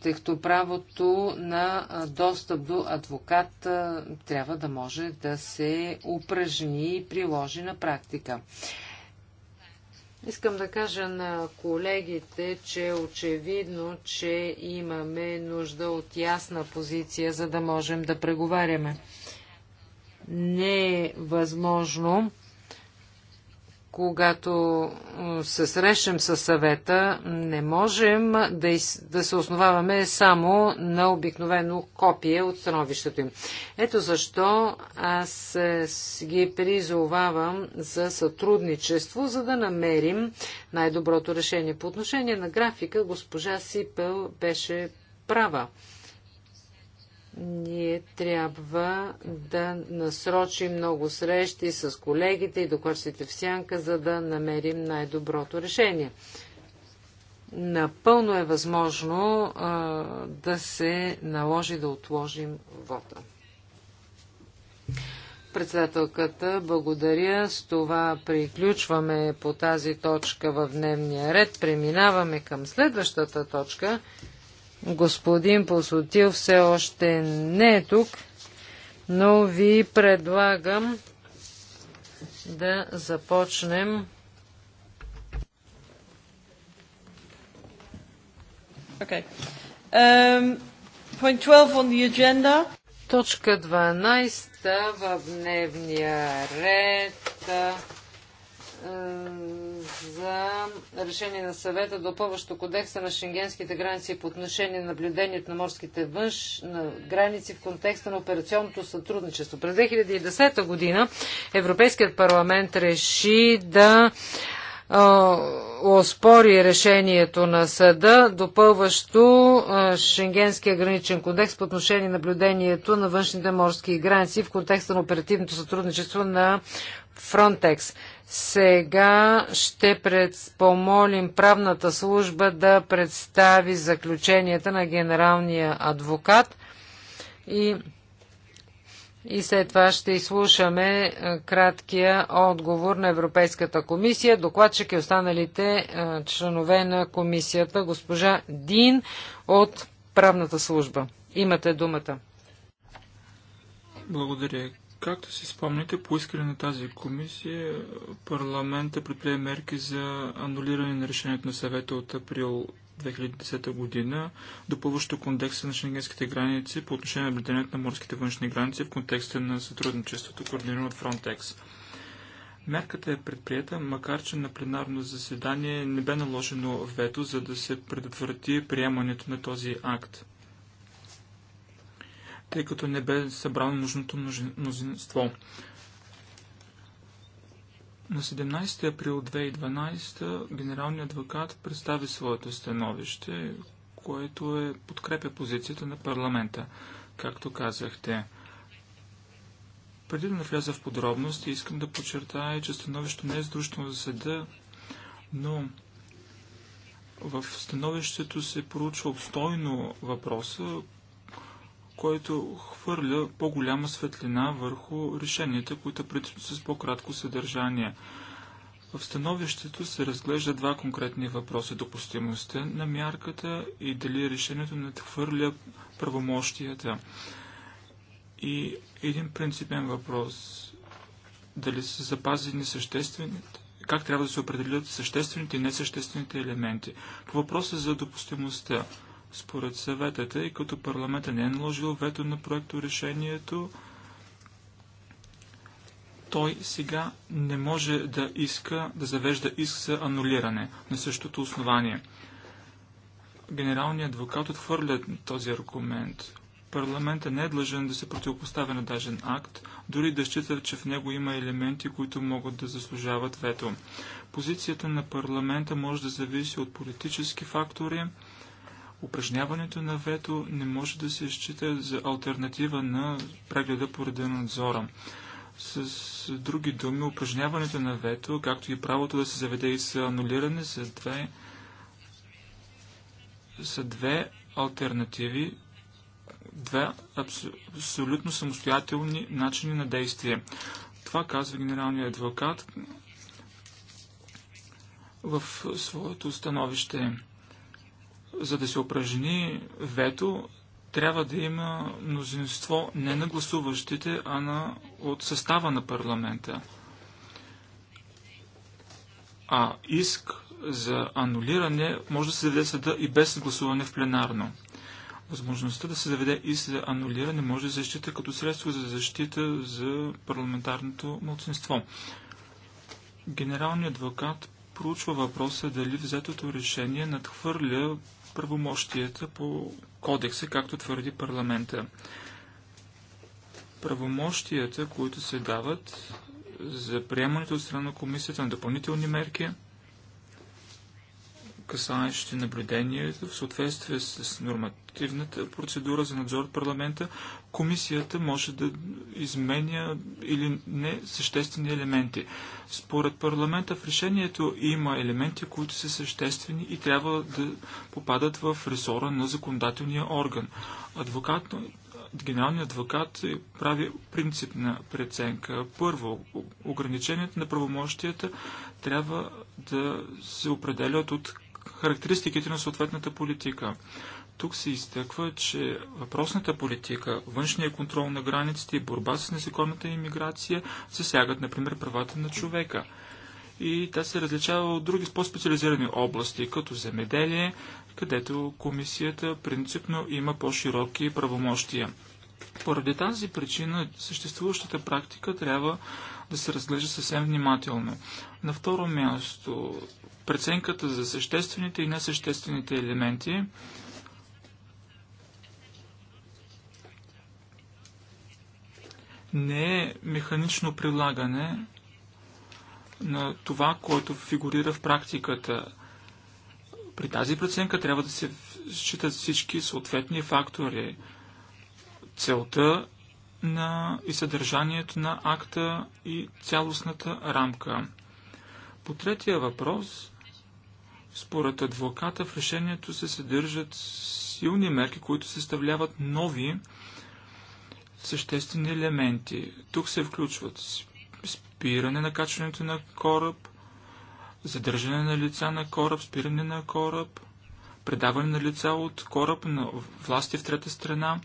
тъй като правото на достъп до адвокат трябва да може да се упражни и приложи на практика. Искам да кажа на колегите, че очевидно, че имаме нужда от ясна позиция, за да можем да преговаряме. Не е възможно когато се срещам със съвета, не можем да, из... да се основаваме само на обикновено копие от становището им. Ето защо аз ги призовавам за сътрудничество, за да намерим най-доброто решение. По отношение на графика, госпожа Сипел беше права. Ние трябва да насрочим много срещи с колегите и докорците в сянка, за да намерим най-доброто решение. Напълно е възможно а, да се наложи да отложим вода. Председателката, благодаря. С това приключваме по тази точка в дневния ред. Преминаваме към следващата точка. Господин Посотил все още не е тук, но ви предлагам да започнем. Okay. Um, point 12 on the agenda. Точка 12 в дневния ред е, за решение на съвета, допълващо кодекса на шенгенските граници по отношение на наблюдението на морските външ на граници в контекста на операционното сътрудничество. През 2010 година Европейският парламент реши да оспори решението на съда, допълващо Шенгенския граничен кодекс по отношение на наблюдението на външните морски граници в контекста на оперативното сътрудничество на Фронтекс. Сега ще пред... помолим правната служба да представи заключенията на генералния адвокат и, и след това ще изслушаме е, краткия отговор на Европейската комисия. Докладчик и останалите е, членове на комисията, госпожа Дин от правната служба.
Имате думата. Благодаря, Както си спомните, по искане на тази комисия парламента предприе мерки за анулиране на решението на съвета от април 2010 година, допълващо кондекса на шенгенските граници по отношение на наблюдението на морските външни граници в контекста на сътрудничеството, координирано от Frontex. Мерката е предприета, макар че на пленарно заседание не бе наложено вето, за да се предотврати приемането на този акт тъй като не бе събрано нужното мнозинство. На 17 април 2012 генералният адвокат представи своето становище, което е подкрепя позицията на парламента, както казахте. Преди да навляза в подробности, искам да подчертая, че становището не е задушно за съда, но в становището се проучва обстойно въпроса, който хвърля по-голяма светлина върху решенията, които предстоят с по-кратко съдържание. В становището се разглежда два конкретни въпроса – допустимостта на мярката и дали решението надхвърля правомощията. И един принципен въпрос – дали са запазени съществените, как трябва да се определят съществените и несъществените елементи. По въпроса за допустимостта – според съвета, тъй като парламента не е наложил вето на проекто решението, той сега не може да иска, да завежда иск за анулиране на същото основание. Генералният адвокат отхвърля този аргумент. Парламента не е длъжен да се противопоставя на дажен акт, дори да счита, че в него има елементи, които могат да заслужават вето. Позицията на парламента може да зависи от политически фактори, Упражняването на вето не може да се счита за альтернатива на прегледа по реда на надзора. С други думи, упражняването на вето, както и правото да се заведе и са анулиране, са две, са две альтернативи, две абсолютно самостоятелни начини на действие. Това казва генералният адвокат в своето становище. За да се упражни вето, трябва да има мнозинство не на гласуващите, а на, от състава на парламента. А иск за анулиране може да се заведе съда и без гласуване в пленарно. Възможността да се заведе и за анулиране може да защита като средство за защита за парламентарното младсинство. Генералният адвокат проучва въпроса дали взетото решение надхвърля правомощията по кодекса, както твърди парламента. Правомощията, които се дават за приемането от страна на комисията на допълнителни мерки – касаещи наблюдението в съответствие с нормативната процедура за надзор от парламента, комисията може да изменя или не съществени елементи. Според парламента в решението има елементи, които са съществени и трябва да попадат в ресора на законодателния орган. Адвокат, генералният адвокат е- прави принципна преценка. Първо, ограничението на правомощията трябва да се определят от характеристиките на съответната политика. Тук се изтъква, че въпросната политика, външния контрол на границите и борба с незаконната иммиграция засягат, например, правата на човека. И тя се различава от други по-специализирани области, като земеделие, където комисията принципно има по-широки правомощия. Поради тази причина съществуващата практика трябва да се разглежда съвсем внимателно. На второ място, преценката за съществените и несъществените елементи. Не е механично прилагане на това, което фигурира в практиката. При тази преценка трябва да се считат всички съответни фактори. Целта на и съдържанието на акта и цялостната рамка. По третия въпрос според адвоката в решението се съдържат силни мерки, които съставляват нови съществени елементи. Тук се включват спиране на качването на кораб, задържане на лица на кораб, спиране на кораб, предаване на лица от кораб на власти в трета страна.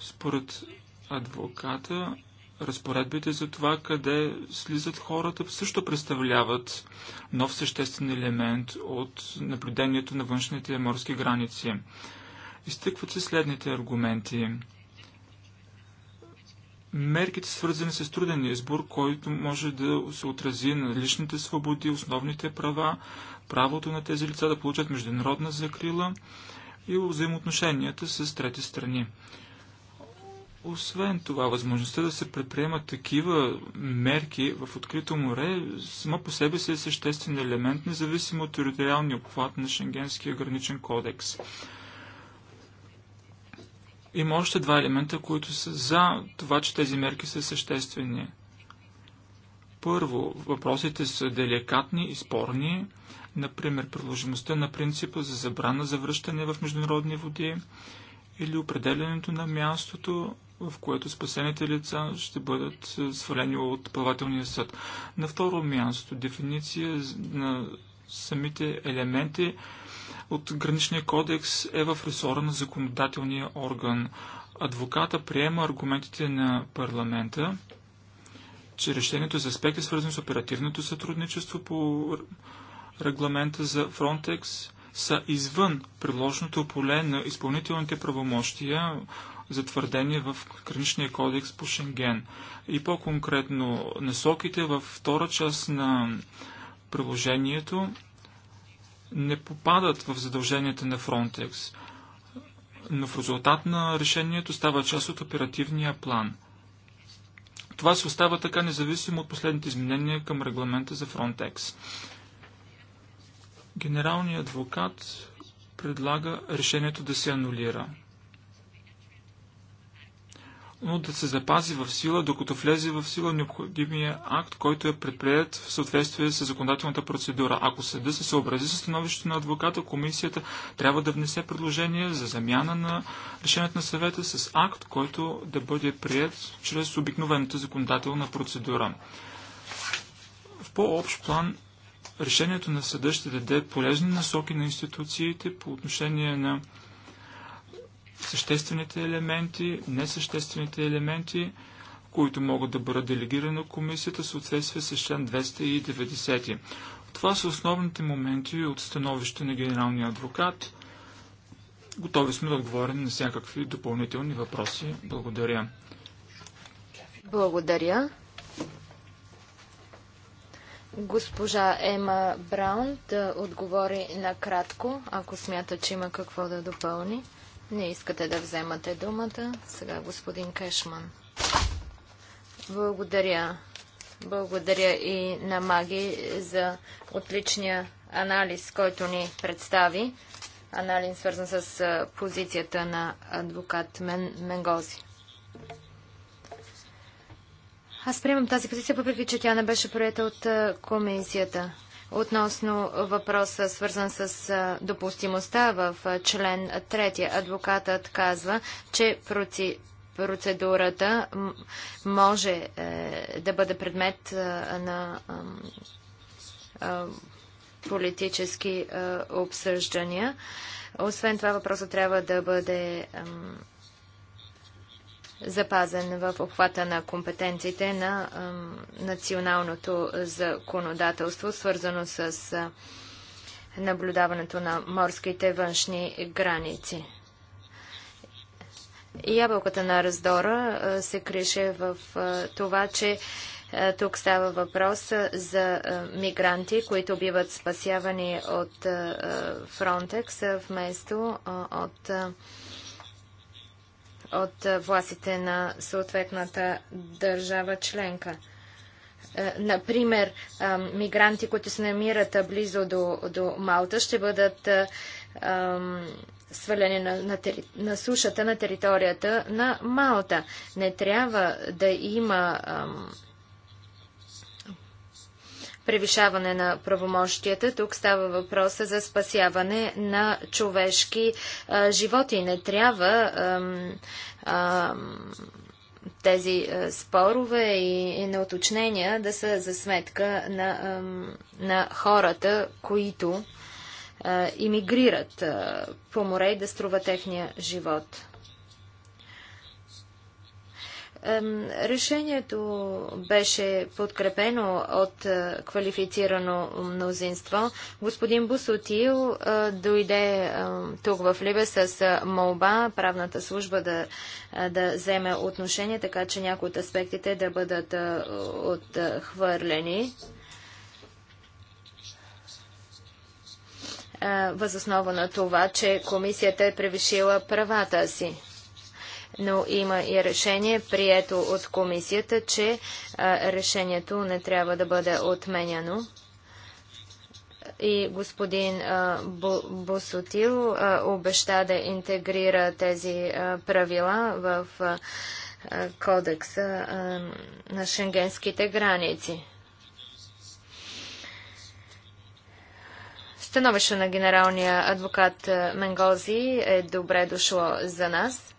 Според адвоката разпоредбите за това къде слизат хората също представляват нов съществен елемент от наблюдението на външните морски граници. Изтъкват се следните аргументи. Мерките свързани с труден избор, който може да се отрази на личните свободи, основните права, правото на тези лица да получат международна закрила и взаимоотношенията с трети страни. Освен това, възможността да се предприемат такива мерки в открито море сама по себе си е съществен елемент, независимо от териториалния обхват на Шенгенския граничен кодекс. Има още два елемента, които са за това, че тези мерки са съществени. Първо, въпросите са деликатни и спорни, например, приложимостта на принципа за забрана за връщане в международни води или определенето на мястото в което спасените лица ще бъдат е, свалени от плавателния съд. На второ място, дефиниция на самите елементи от граничния кодекс е в ресора на законодателния орган. Адвоката приема аргументите на парламента, че решението за аспекти, свързани с оперативното сътрудничество по регламента за Frontex, са извън приложното поле на изпълнителните правомощия затвърдени в Граничния кодекс по Шенген. И по-конкретно насоките във втора част на приложението не попадат в задълженията на Фронтекс, но в резултат на решението става част от оперативния план. Това се остава така независимо от последните изменения към регламента за Фронтекс. Генералният адвокат предлага решението да се анулира но да се запази в сила, докато влезе в сила необходимия акт, който е предприят в съответствие с законодателната процедура. Ако съда се съобрази с становището на адвоката, комисията трябва да внесе предложение за замяна на решението на съвета с акт, който да бъде прият чрез обикновената законодателна процедура. В по-общ план решението на съда ще даде полезни насоки на институциите по отношение на съществените елементи, несъществените елементи, които могат да бъдат делегирани на комисията в съответствие с член 290. Това са основните моменти от становище на генералния адвокат. Готови сме да отговорим на всякакви допълнителни въпроси. Благодаря.
Благодаря. Госпожа Ема Браун да отговори накратко, ако смята, че има какво да допълни. Не искате да вземате думата. Сега господин Кешман. Благодаря. Благодаря и на Маги за отличния анализ, който ни представи. Анализ свързан с позицията на адвокат Мен, Менгози. Аз приемам тази позиция, въпреки че тя не беше приета от комисията. Относно въпроса, свързан с допустимостта в член 3, адвокатът казва, че процедурата може е, да бъде предмет на политически обсъждания. Освен това, въпросът трябва да бъде запазен в обхвата на компетенциите на националното законодателство, свързано с наблюдаването на морските външни граници. Ябълката на раздора се крише в това, че тук става въпрос за мигранти, които биват спасявани от Фронтекс вместо от от властите на съответната държава членка. Е, например, мигранти, които се намират близо до, до Малта, ще бъдат свалени на, на, тери, на сушата на територията на Малта. Не трябва да има ам, превишаване на правомощията. Тук става въпроса за спасяване на човешки а, животи. Не трябва ам, ам, тези а, спорове и, и неоточнения да са за сметка на, ам, на хората, които иммигрират по море и да струва техния живот. Решението беше подкрепено от е, квалифицирано мнозинство. Господин Бусотил е, дойде е, тук в Либе с молба правната служба да, да вземе отношение, така че някои от аспектите да бъдат отхвърлени. Възоснова на това, че комисията е превишила правата си но има и решение, прието от комисията, че решението не трябва да бъде отменяно. И господин Босотил обеща да интегрира тези правила в кодекса на шенгенските граници. Становище на генералния адвокат Менгози е добре дошло за нас.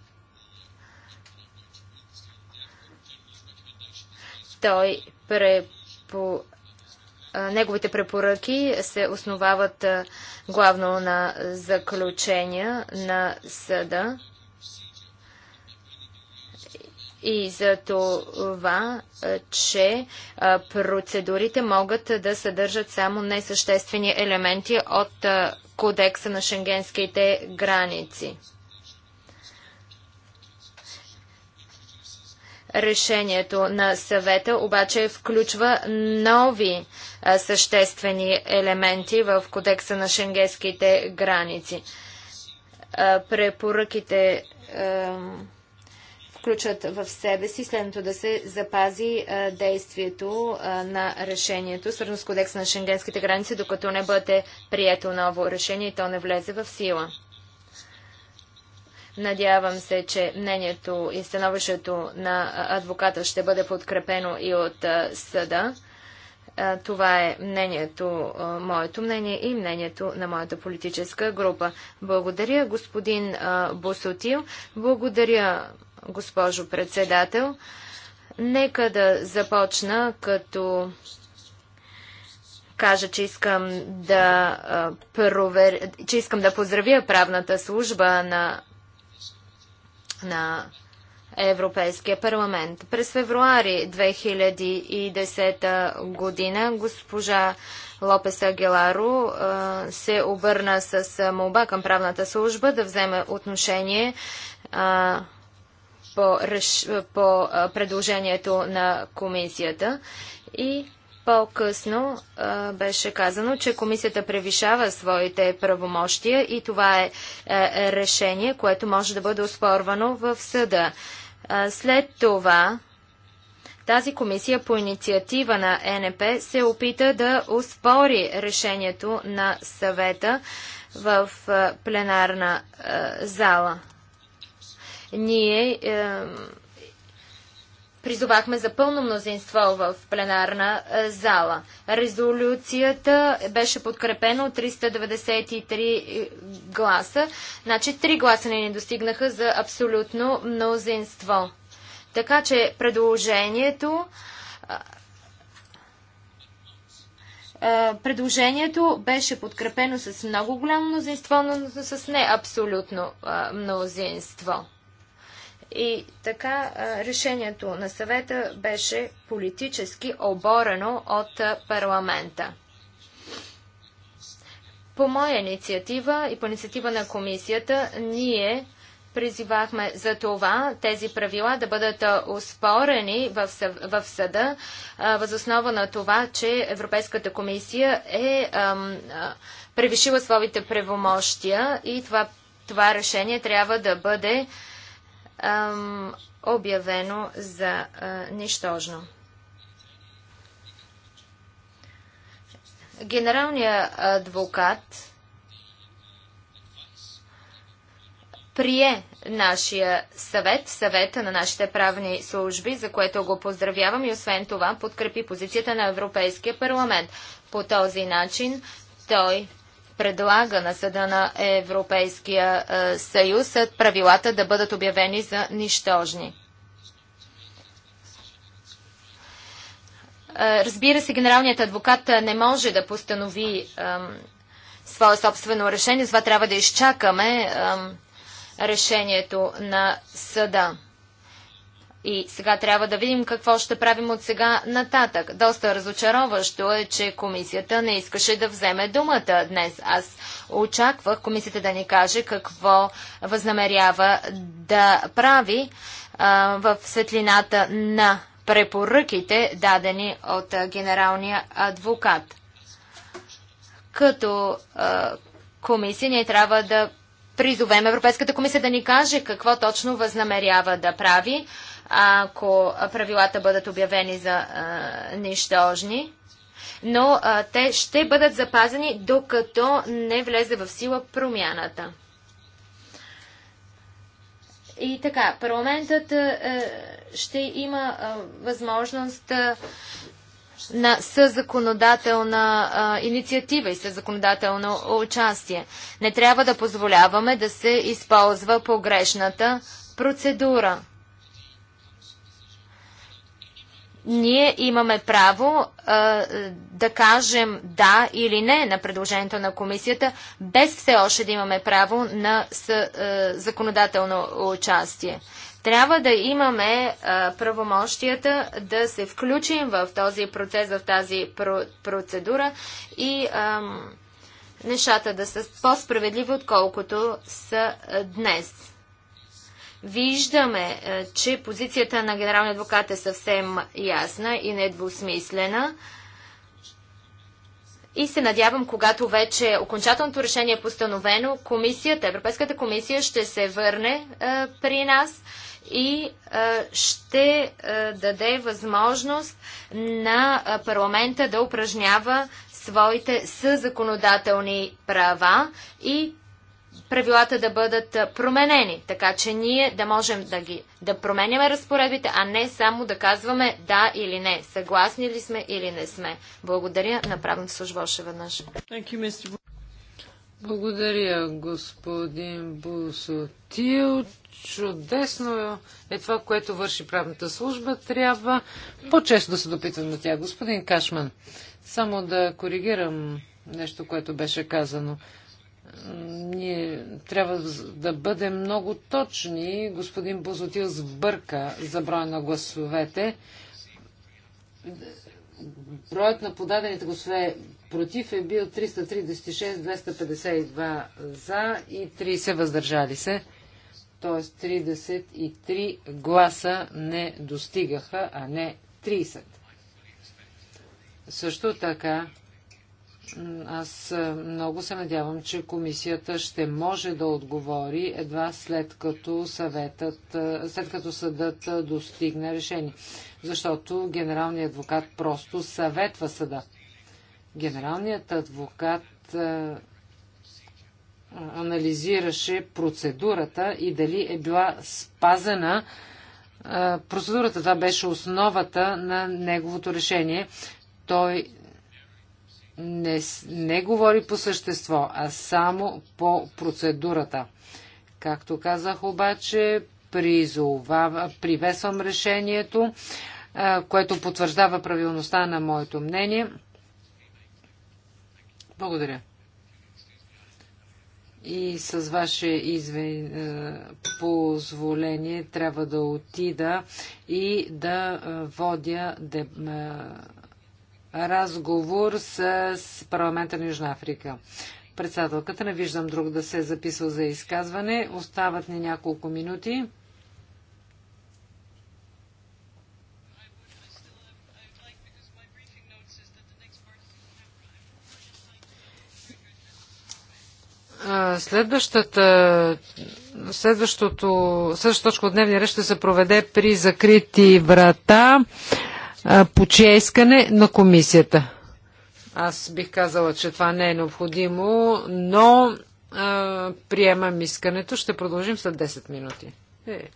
Той препо... Неговите препоръки се основават главно на заключения на съда. И за това, че процедурите могат да съдържат само несъществени елементи от кодекса на шенгенските граници. Решението на съвета обаче включва нови съществени елементи в кодекса на шенгенските граници. препоръките включат в себе си следното да се запази действието на решението, свързано с кодекса на шенгенските граници, докато не бъде прието ново решение и то не влезе в сила. Надявам се, че мнението и становището на адвоката ще бъде подкрепено и от съда. Това е мнението, моето мнение и мнението на моята политическа група. Благодаря, господин Босотил. Благодаря, госпожо председател. Нека да започна като кажа, че искам да, провер... че искам да поздравя правната служба на на Европейския парламент. През февруари 2010 година госпожа Лопес Агеларо се обърна с молба към правната служба да вземе отношение по предложението на комисията и по-късно беше казано, че комисията превишава своите правомощия и това е, е решение, което може да бъде оспорвано в съда. А, след това тази комисия по инициатива на НП се опита да оспори решението на съвета в а, пленарна а, зала. Ние призовахме за пълно мнозинство в пленарна е, зала. Резолюцията беше подкрепена от 393 е, гласа, значи 3 гласа не ни достигнаха за абсолютно мнозинство. Така че предложението е, предложението беше подкрепено с много голямо мнозинство, но с не абсолютно мнозинство. И така решението на съвета беше политически оборено от парламента. По моя инициатива и по инициатива на комисията ние призивахме за това тези правила да бъдат оспорени в, съда, възоснова на това, че Европейската комисия е ам, превишила своите превомощия и това, това решение трябва да бъде обявено за а, нищожно. Генералният адвокат прие нашия съвет, съвета на нашите правни служби, за което го поздравявам и освен това подкрепи позицията на Европейския парламент. По този начин той предлага на съда на Европейския е, съюз е, правилата да бъдат обявени за нищожни. Е, разбира се, генералният адвокат не може да постанови свое собствено решение, затова трябва да изчакаме решението на съда. И сега трябва да видим какво ще правим от сега нататък. Доста разочароващо е, че комисията не искаше да вземе думата днес. Аз очаквах комисията да ни каже какво възнамерява да прави а, в светлината на препоръките, дадени от генералния адвокат. Като а, комисия ние трябва да призовем Европейската комисия да ни каже какво точно възнамерява да прави ако правилата бъдат обявени за нищожни но а, те ще бъдат запазени докато не влезе в сила промяната. И така, парламентът а, ще има а, възможност а, на съзаконодателна а, инициатива и съзаконодателно участие. Не трябва да позволяваме да се използва погрешната процедура. ние имаме право а, да кажем да или не на предложението на комисията, без все още да имаме право на с, а, законодателно участие. Трябва да имаме а, правомощията да се включим в този процес, в тази про процедура и а, нещата да са по-справедливи, отколкото са днес. Виждаме, е, че позицията на генералния адвокат е съвсем ясна и недвусмислена. И се надявам, когато вече е окончателното решение е постановено, комисията, Европейската комисия ще се върне е, при нас и а, ще а, даде възможност на а, парламента да упражнява своите съзаконодателни права и правилата да бъдат променени, така че ние да можем да ги да променяме разпоредбите, а не само да казваме да или не, съгласни ли сме или не сме. Благодаря на правната служба още веднъж.
Благодаря, господин Бусотил. Чудесно е това, което върши правната служба. Трябва по-често да се допитвам на тя. Господин Кашман, само да коригирам нещо, което беше казано ние трябва да бъдем много точни. Господин Бозотил сбърка за броя на гласовете. Броят на подадените гласове против е бил 336, 252 за и 30 въздържали се. Тоест 33 гласа не достигаха, а не 30. Също така аз е, много се надявам, че комисията ще може да отговори едва след като, съветът, е, след като съдът е, достигне решение. Защото генералният адвокат просто съветва съда. Генералният адвокат анализираше процедурата и дали е била спазена процедурата. Това беше основата на неговото решение. Той не, не говори по същество, а само по процедурата. Както казах обаче, привесвам приветствам решението, което потвърждава правилността на моето мнение. Благодаря. И с ваше извин... позволение трябва да отида и да водя деб разговор с парламента на Южна Африка. Председателката не виждам друг да се е записал за изказване. Остават ни няколко минути. Следващата, следващото, следващата точка от дневния ред ще се проведе при закрити врата по чие искане на комисията. Аз бих казала, че това не е необходимо, но а, приемам искането. Ще продължим след 10 минути. Е.